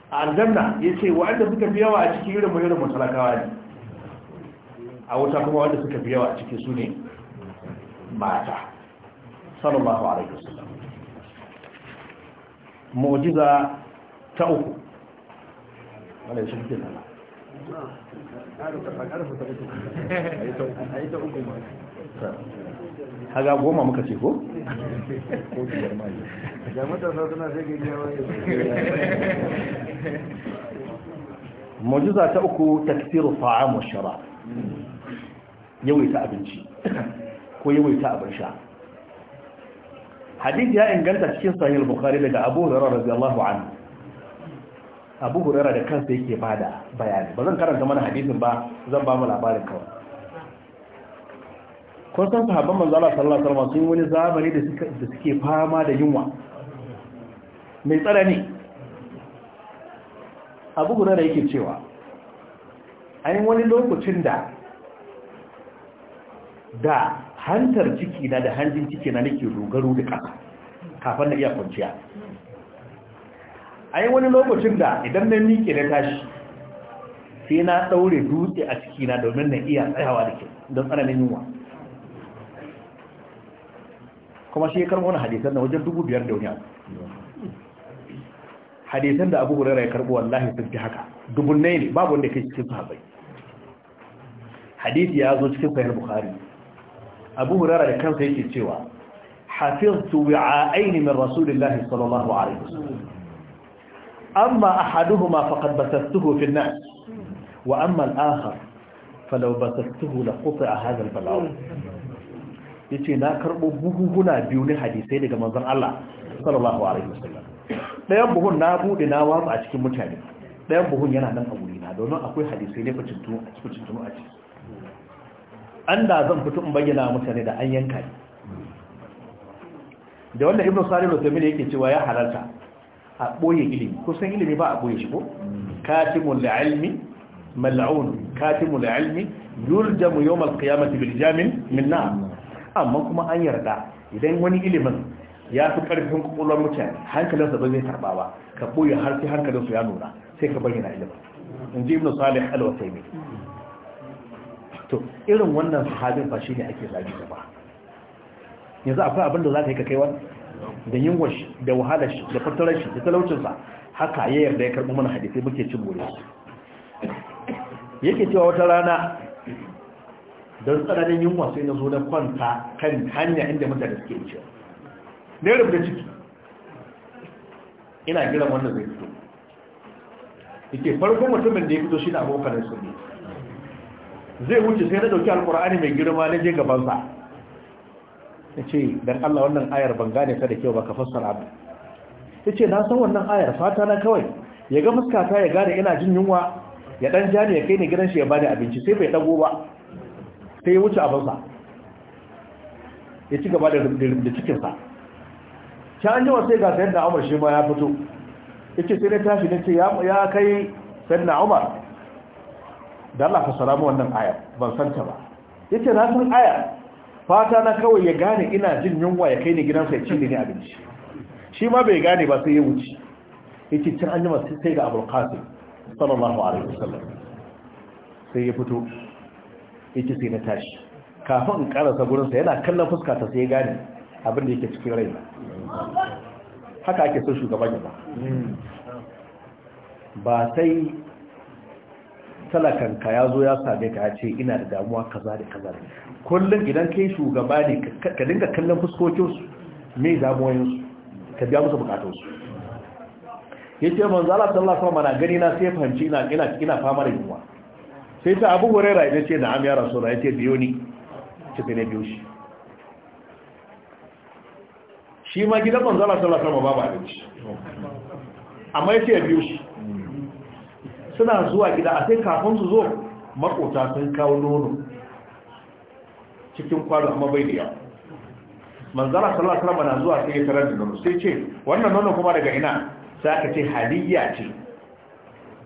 a aljanna ya ce wa'anda suka fi yawa a cikin irin mulirin matalakawa ne a wuta kuma wanda suka fi yawa a cikin su ne mata sallallahu alaihi wasallam mu'jiza ta uku wala shi shirke sana haga goma muka ce ko? mujiza ta uku takfiru fa'amu shara yawaita abinci ko yawaita abin sha hadith ya inganta cikin sahih al-bukhari daga abu hurairah radiyallahu anhu abu hurairah da kansa yake bada bayani ba zan karanta mana hadisin ba zan ba mu labarin kawai kun san sahabban manzo Allah sallallahu alaihi wasallam sun wani zamani da suke da suke fama da yunwa mai tsanani abu hurairah yake cewa an wani lokacin da da hantar ciki na da hanjin ciki na nake dogaro da ƙasa kafin na iya kwanciya A yi wani lokacin da idan na miƙe na tashi sai na ɗaure dutse a ciki na domin na iya tsayawa da ke don tsananin yunwa kuma shi ya karɓo wani hadisan na wajen dubu biyar da wani abu hadisan da abu hurera karɓo wallahi sun fi haka dubunnai ne babu wanda kai cikin sahabai hadisi ya zo cikin sahih bukhari abu hurara da kansa yake cewa hafiztu wi'aini min rasulillahi sallallahu alaihi wasallam amma ahaduhuma faqad basastuhu fi an-nas wa amma al-akhar falau basastuhu la quta'a hadha al-balagh yace na karbo buhuhuna biyu ne hadisai daga manzon Allah sallallahu alaihi wasallam dayan buhun na bude na watsa a cikin mutane dayan buhun yana nan a gurina domin akwai hadisai ne fitintu a a cikin an da zan fito in bayyana mutane da an yanka ne da wanda ibn salim al-tamimi yake cewa ya halarta a boye ilimi kusan ilimi ba a boye shi ko katimul ilmi mal'un katimul ilmi yurjamu yawm al-qiyamati bil jamin min amma kuma an yarda idan wani ilimin ya fi karfin kokolon mutane hankalinsa ba zai karba ba ka boye har sai hankalinsu ya nuna sai ka bayyana ilimi. in ji ibn salih al-wasaymi to irin wannan sahabin ba ne ake zagi da ba yanzu akwai abin da za ka yi ka kai wani da yunwa shi da wahala shi da fatarar shi da talaucinsa haka ya yarda ya karɓi mana hadisai muke cin gore yake cewa wata rana don tsananin yunwa sai na zo na kwanta kan hanya inda mutane suke wuce na yi rubuta ciki ina giran wannan zai fito yake farko mutumin da ya fito shi na abokan su ne zai wuce sai na dauki alkur'ani mai girma na je gaban sa yace dan Allah wannan ayar ban gane ta da kyau ba ka fassara ba yace na san wannan ayar fata na kawai ya ga muskata ya gane ina jin yunwa ya dan jani ya kai ni gidan shi ya bani abinci sai bai dago ba sai ya wuce abin sa ya ci gaba da cikin sa ta an jima sai ga sayyidina umar shi ma ya fito yace sai na tashi nace ya kai sayyidina umar da Allah ka salamu wannan aya ban san ta ba yace na san aya fata na kawai ya gane ina jin yunwa ya kai ni gidansa ya ci ni abinci shi ma bai gane ba sai ya wuce yace cin an yi masu sai ga Abul Qasim sallallahu alaihi wasallam sai ya fito yace sai na tashi kafin in karasa gurin sa yana kallon fuska ta sai ya gane abin da yake cikin raina haka ake so shugaban ya ba ba sai talakanka ka ya zo ya same ka ya ce ina da damuwa kaza da kaza kullum idan kai shugaba ne ka dinga kallon fuskokinsu me damuwoyinsu ka biya musu bukatunsu ya ce manzo Allah sallallahu alaihi wasallam na gani na sai fahimci ina ina ina fama da yunwa sai ta Abu Hurairah ya ce na'am ya rasulullah ya ce biyo ni ce sai biyo shi shi ma gidan manzo Allah sallallahu alaihi wasallam babu abinci amma ya ce biyo shi suna zuwa gida a sai kafin su zo makota sun kawo nono cikin kwano amma bai da yawa manzara sallallahu alaihi wasallam na zuwa sai ya tarar da nono sai ce wannan nono kuma daga ina sai aka ce hadiyya ce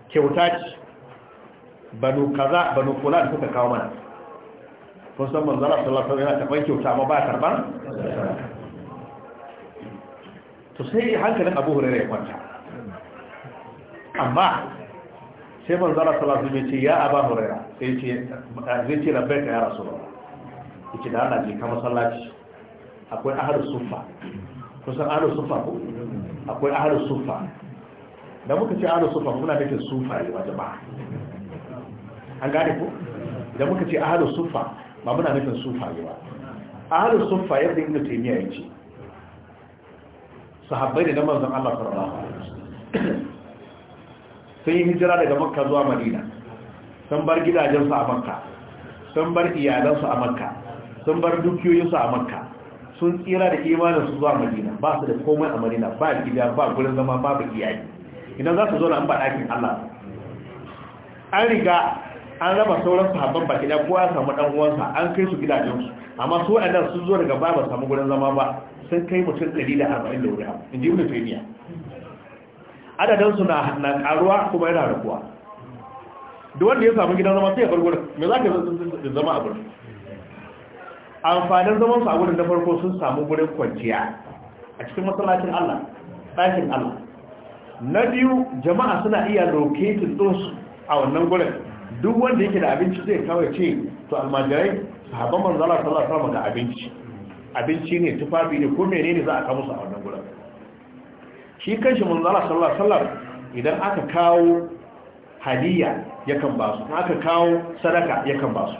kyauta ce banu kaza banu kula da suka kawo mana ko san manzara sallallahu alaihi wasallam yana taban kyauta amma ba karban to sai hankalin Abu Hurairah ya kwanta amma sai manzara salatu alaihi ce ya aba huraira sai ce zai ce yara ya rasulullah ce da ana je ka masallaci akwai ahlus sufa kusan ahlus sufa ko akwai ahlus sufa da muka ce ahlus sufa muna nake sufa ne wa ba an gane ko da muka ce ahlus sufa ba muna nufin sufa ne ba ahlus sufa yadda ibnu taymiya ce sahabbai da manzon Allah sallallahu alaihi wasallam sun yi hijira daga makka zuwa madina sun bar gidajensu a makka sun bar iyalansu a makka sun bar dukiyoyinsu a makka sun tsira da imaninsu zuwa madina ba su da komai a madina ba gida ba gurin zama babu iyali idan za su zo na an ba ɗakin allah an riga an raba sauran sahabban baki da kowa ya samu dan uwansa an kai su gidajensu amma su waɗannan sun zo daga ba ba samu gurin zama ba sun kai mutum 140 da wuri in ji ibn taymiya Adadansu na karuwa kuma yana rukuwa da wanda ya samu gidan zama sai ya farko me za ka zama a gurin amfanin zaman su a gurin na farko sun samu gurin kwanciya a cikin masallacin allah ɗakin allah na biyu jama'a suna iya locating ɗinsu a wannan gurin duk wanda yake da abinci zai kawai ce to almajirai sahabban manzala sallallahu alaihi wasallam ga abinci abinci ne tufafi ne ko menene za a kawo su a wannan gurin shi kanshi manzala sallallahu sallar sallar idan aka kawo hadiya yakan ba su aka kawo sadaka yakan ba su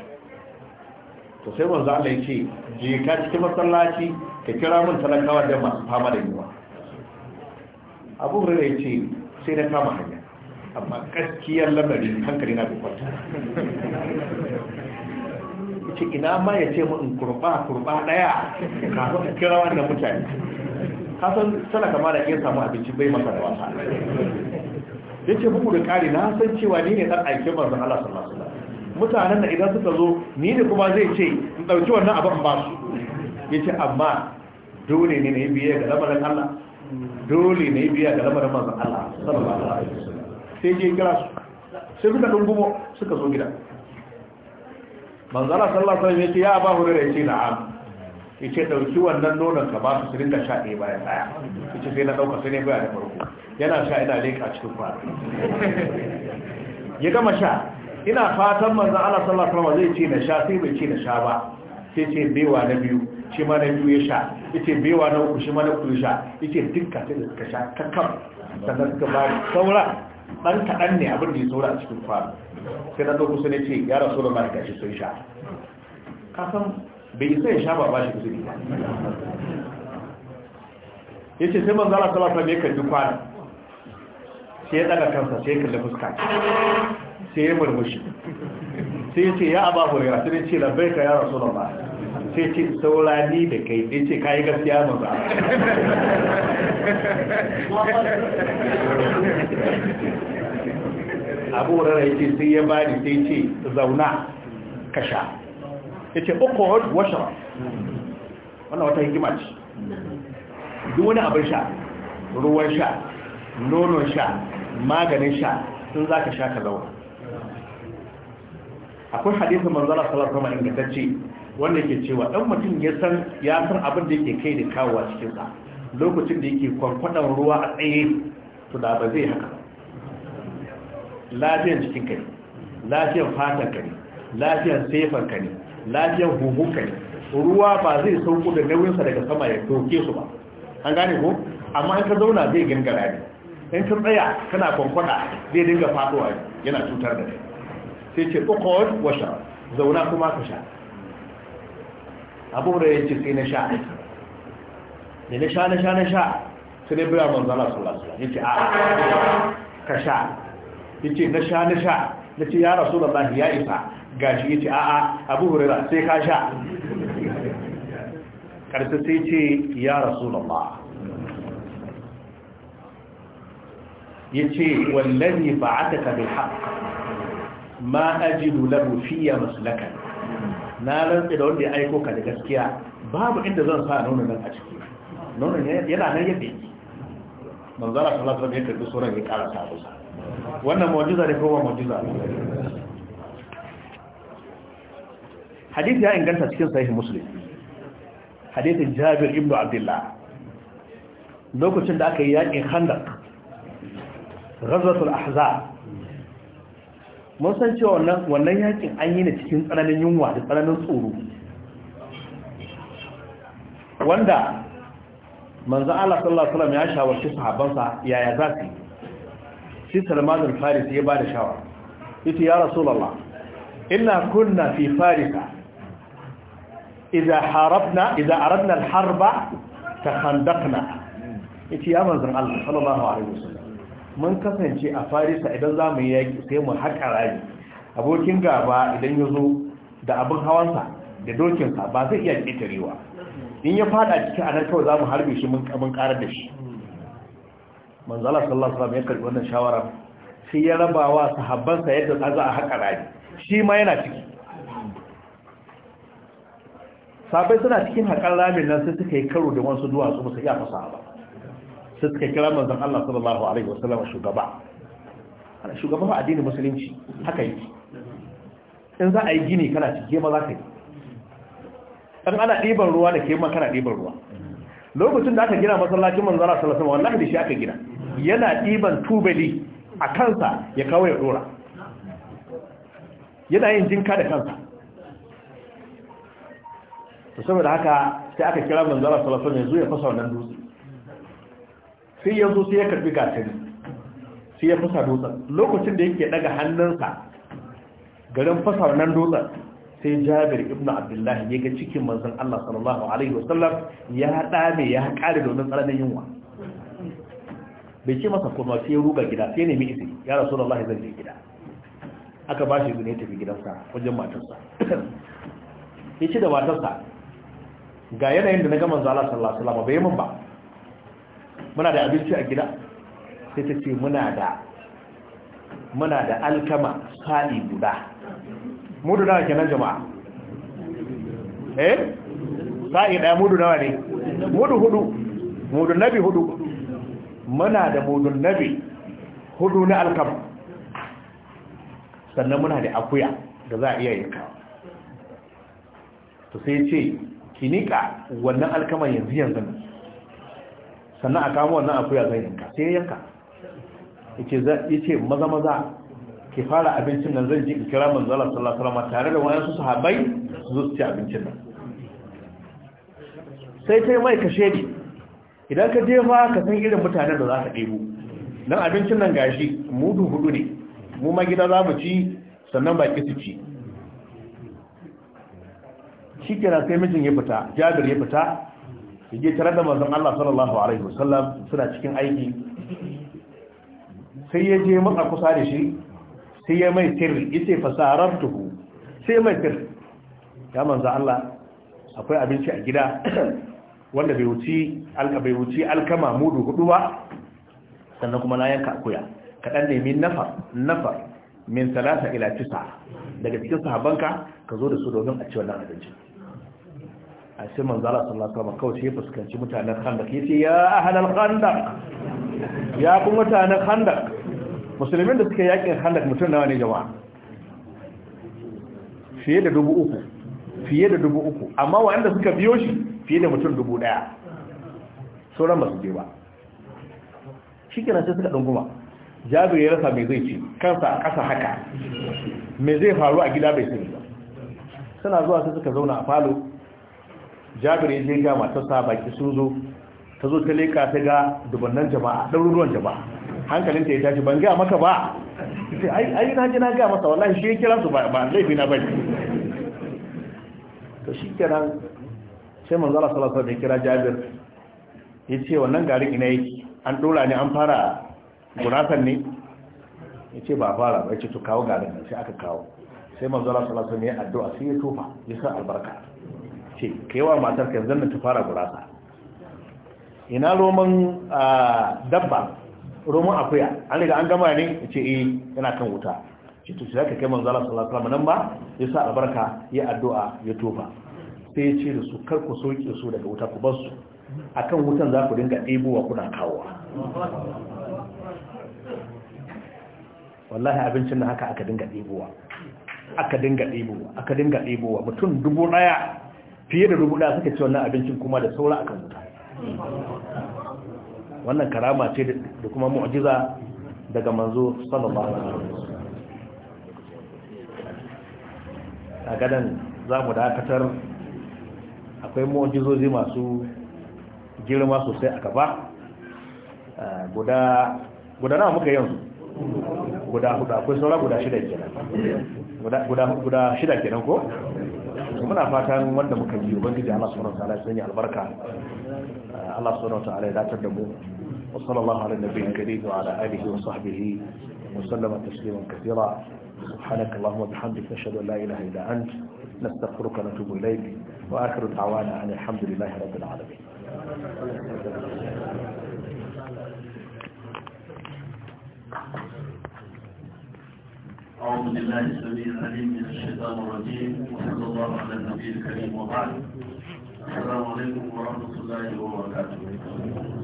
to sai manzo Allah ce je ka cikin masallaci ka kira mun talakawa da masu fama da yunwa Abu Hurairah ce sai na kama hanya amma gaskiyar lamarin hankali na bukwata yace ina ma ce mu in kurba kurba daya kafin kira wannan mutane kasan tana kama da iya samu abinci bai masa da wasa ya ce buku da ƙari na san cewa ni ne dan aikin manzan Allah sallallahu alaihi mutanen na idan suka zo ni ne kuma zai ce in ɗauki wannan abin ba su ya ce amma dole ne na yi biya ga lamarin Allah dole ne yi biya ga lamarin manzan Allah sallallahu alaihi wasallam sai je kira su sai suka dungumo suka zo gida manzan Allah sallallahu alaihi wasallam ya ce ya ba hurairu ya ce na'am ce ɗauki wannan nonon ka ba su su dinga sha ɗaya bayan ɗaya ce sai na ɗauka sai ne baya da farko yana sha ina leka cikin fara ya gama sha ina fatan manzan Allah sallallahu alaihi zai ce na sha sai bai ce na sha ba sai ce bewa na biyu shi ma na biyu ya sha ce bewa na uku shi ma na uku ya sha yace dukkan sai da suka sha kakam. sannan suka ba saura ɗan kaɗan ne abin da ya saura a cikin fara. sai na ɗauku ne ce ya rasu da mara gashi sun sha kasan bai isa ya sha ba ba shi uzuri ba ya ce sai manzala salasa ne kalli kwana sai ya daga kansa sai ya kalli fuska sai ya murmushi sai ya ce ya aba hulira sai ya ce labai ka yara suna ba sai ce saurani da kai ya ce kayi gaskiya maza abu wurin ya ce sai ya bani sai ce zauna ka sha ya ce ukhud wa sharab wannan wata hikima ce duk wani abin sha ruwan sha nonon sha maganin sha sun za ka sha ka zauna akwai hadisin manzala salar sama ingantacce wanda ke cewa ɗan mutum ya san ya san abin da yake kai da kawowa cikinsa lokacin da yake kwankwadan ruwa a tsaye to da ba zai haka lafiyan cikin kai lafiyan fatan kai lafiyan sefan kai lafiyar hukunka ne ruwa ba zai sauko da nauyinsa daga sama ya doke su ba an gane ko amma in ka zauna zai gangara ne in ka tsaya kana kwankwada zai dinga faduwa yana cutar da kai sai ce ukod wa sha zauna kuma ka sha abu da ya ce sai na sha ne na sha na sha na sha sai dai bira manzana sallallahu alaihi ya ce a ka sha ya ce na sha na sha na ce ya rasu da ya isa gashi yace a'a Abu Hurairah sai ka sha karsa sai ce ya Rasulullah yace wallazi ba'ataka bil haqq ma ajidu lahu fiya maslakan na rantsa da wanda ya aiko ka da gaskiya babu inda zan sa nonon nan a ciki nonon yana nan yadda yake manzara sallallahu alaihi wasallam ya karbi suran ya karasa musa wannan mu'jiza ne ko ba mu'jiza hadisi ya inganta cikin sahihin muslim hadisin jabir ibn abdullah lokacin da aka yi yakin khandaq ghazwatul ahza, mun san cewa wannan wannan yakin an yi ne cikin tsananin yunwa da tsananin tsoro wanda manzo Allah sallallahu alaihi ya shawarci sahabansa, yaya za su shi Salman al-Farisi ya bada shawar. Ita ya rasu lalla. Ina kunna fi Farisa idza harabna idza aradna al-harba takhandaqna yace Allah sallallahu alaihi wasallam mun kasance a Farisa idan zamu yaki sai mu haƙa rami abokin gaba idan yazo da abin hawansa da dokinsa ba zai iya ƙetarewa in ya fada cikin anan kawai mu harbe shi mun kamun karar da shi manzala sallallahu alaihi wasallam ya karbi wannan shawara sai ya raba wa sahabbansa yadda za a haƙa rani shi ma yana ciki sabai suna cikin haƙar ramin nan sai suka yi karo da wasu duwatsu ba su iya fasa ba sai suka kira manzon Allah sallallahu alaihi wasallam shugaba ana shugaba ba addinin musulunci haka yake in za a yi gini kana cike ma za ka yi dan ana ɗiban ruwa da ke ma kana ɗiban ruwa lokacin da aka gina masallacin manzon Allah sallallahu alaihi wasallam wallahi da shi aka gina yana ɗiban tubali a kansa ya kawo ya dora yana yin jinka da kansa to saboda haka sai aka kira manzo Allah sallallahu alaihi wasallam ya fasa wannan dutse sai ya zo sai ya karbi gatari sai ya fasa dutsen lokacin da yake daga hannunsa garin fasa wannan dutsen sai Jabir ibn Abdullah ya ga cikin manzon Allah sallallahu alaihi wasallam ya dame ya kare domin tsaranin yunwa bai ce masa kuma sai ya ruga gida sai nemi izini ya rasulullahi zan je gida aka ba shi izini ya tafi gidansa wajen matarsa ya ce da matarsa ga yanayin da na gama zala sallallahu alaihi ba bai mun ba muna da abinci a gida sai ta ce muna da muna da alkama sa'i guda mudu nawa kenan jama'a eh sa'i daya mudu nawa ne mudu hudu mudu nabi hudu muna da mudu nabi hudu na alkama sannan muna da akuya da za a iya yanka to sai ce ki nika wannan alkamar yanzu yanzu sannan a kama wannan akuya zai yanka sai yanka ce maza maza ke fara abincin nan zan ji in kira manzo Allah sallallahu alaihi wasallam tare da wayansu sahabbai su zo su ci abincin nan sai sai mai kashe ni idan ka je fa ka san irin mutanen da za ka debo dan abincin nan gashi mudu hudu ne mu ma gida za mu ci sannan baki su ci shikenan sai mijin ya fita jabir ya fita yaje tare da manzon Allah sallallahu alaihi wasallam suna cikin aiki sai ya je matsa kusa da shi sai ya mai tir yace sarabtuhu sai mai tir ya manzon Allah akwai abinci a gida wanda bai wuci bai wuci alkama mudu hudu ba sannan kuma na yanka akuya kaɗan nemi nafar nafar min salasa ila tisa daga cikin sahabanka ka zo da su domin a ci wannan abincin a sai manzala sallallahu alaihi wasallam kawai sai fuskanci mutanen ya yace ya ahlal khandak ya ku mutanen khandak musulmin da suka yakin khandak mutum nawa ne jama'a fiye da dubu uku fiye da dubu uku amma waɗanda suka biyo shi fiye da mutum dubu ɗaya sauran ba su je ba shi kenan sai suka dunguma jabiru ya rasa mai zai ci, kansa a ƙasa haka mai zai faru a gida bai sani ba suna zuwa sai suka zauna a falo jabir ya je ga matarsa baki sun zo ta zo ta leka ta ga dubannan jama'a ɗaruruwan jama'a ta ya tashi ban gaya maka ba ai na ji na gaya masa wallahi shi ya kira su ba laifi na bai to shi kenan sai manzala salasar da kira jabir ya ce wannan garin ina yake an dora ne an fara gunasan ne ya ce ba a fara ba ya ce to kawo garin sai aka kawo sai manzala salasar ne addu'a sai ya tofa ya sa albarka ce kaiwa matar ka zanna ta fara gurasa ina roman dabba roman akuya an riga an gama ne ce eh yana kan wuta ce to sai ka kai manzo Allah sallallahu alaihi wasallam nan ba ya sa albarka ya addu'a ya tofa sai ya ce da su kar ku soke su daga wuta ku bar su akan wutan za ku dinga ɗebowa kuna kawowa wallahi abincin nan haka aka dinga ɗebowa aka dinga ɗebowa aka dinga ɗebowa mutum dubu ɗaya fiye da rubuda suka ci wannan abincin kuma da saura akan wuta wannan karama ce da kuma mu'jiza daga manzo sallallahu alaihi wasallam a gadan zamu dakatar akwai mu'jizozi masu girma sosai a gaba guda guda nawa muka yanzu guda hudu akwai saura guda shida kenan guda guda shida kenan ko to muna fatan wanda muka ji ubangiji Allah subhanahu wataala ya sanya albarka Allah subhanahu wataala ya datar da mu wa sallallahu ala nabiyyi karim wa ala alihi wa sahbihi wa sallama tasliman kathira سبحانك اللهم وبحمدك نشهد ان لا اله الا انت نستغفرك ونتوب اليك واخر دعوانا ان الحمد لله رب العالمين أعوذ بالله السميع العليم من الشيطان الرجيم وصلى الله على النبي الكريم وبعد السلام عليكم ورحمة الله وبركاته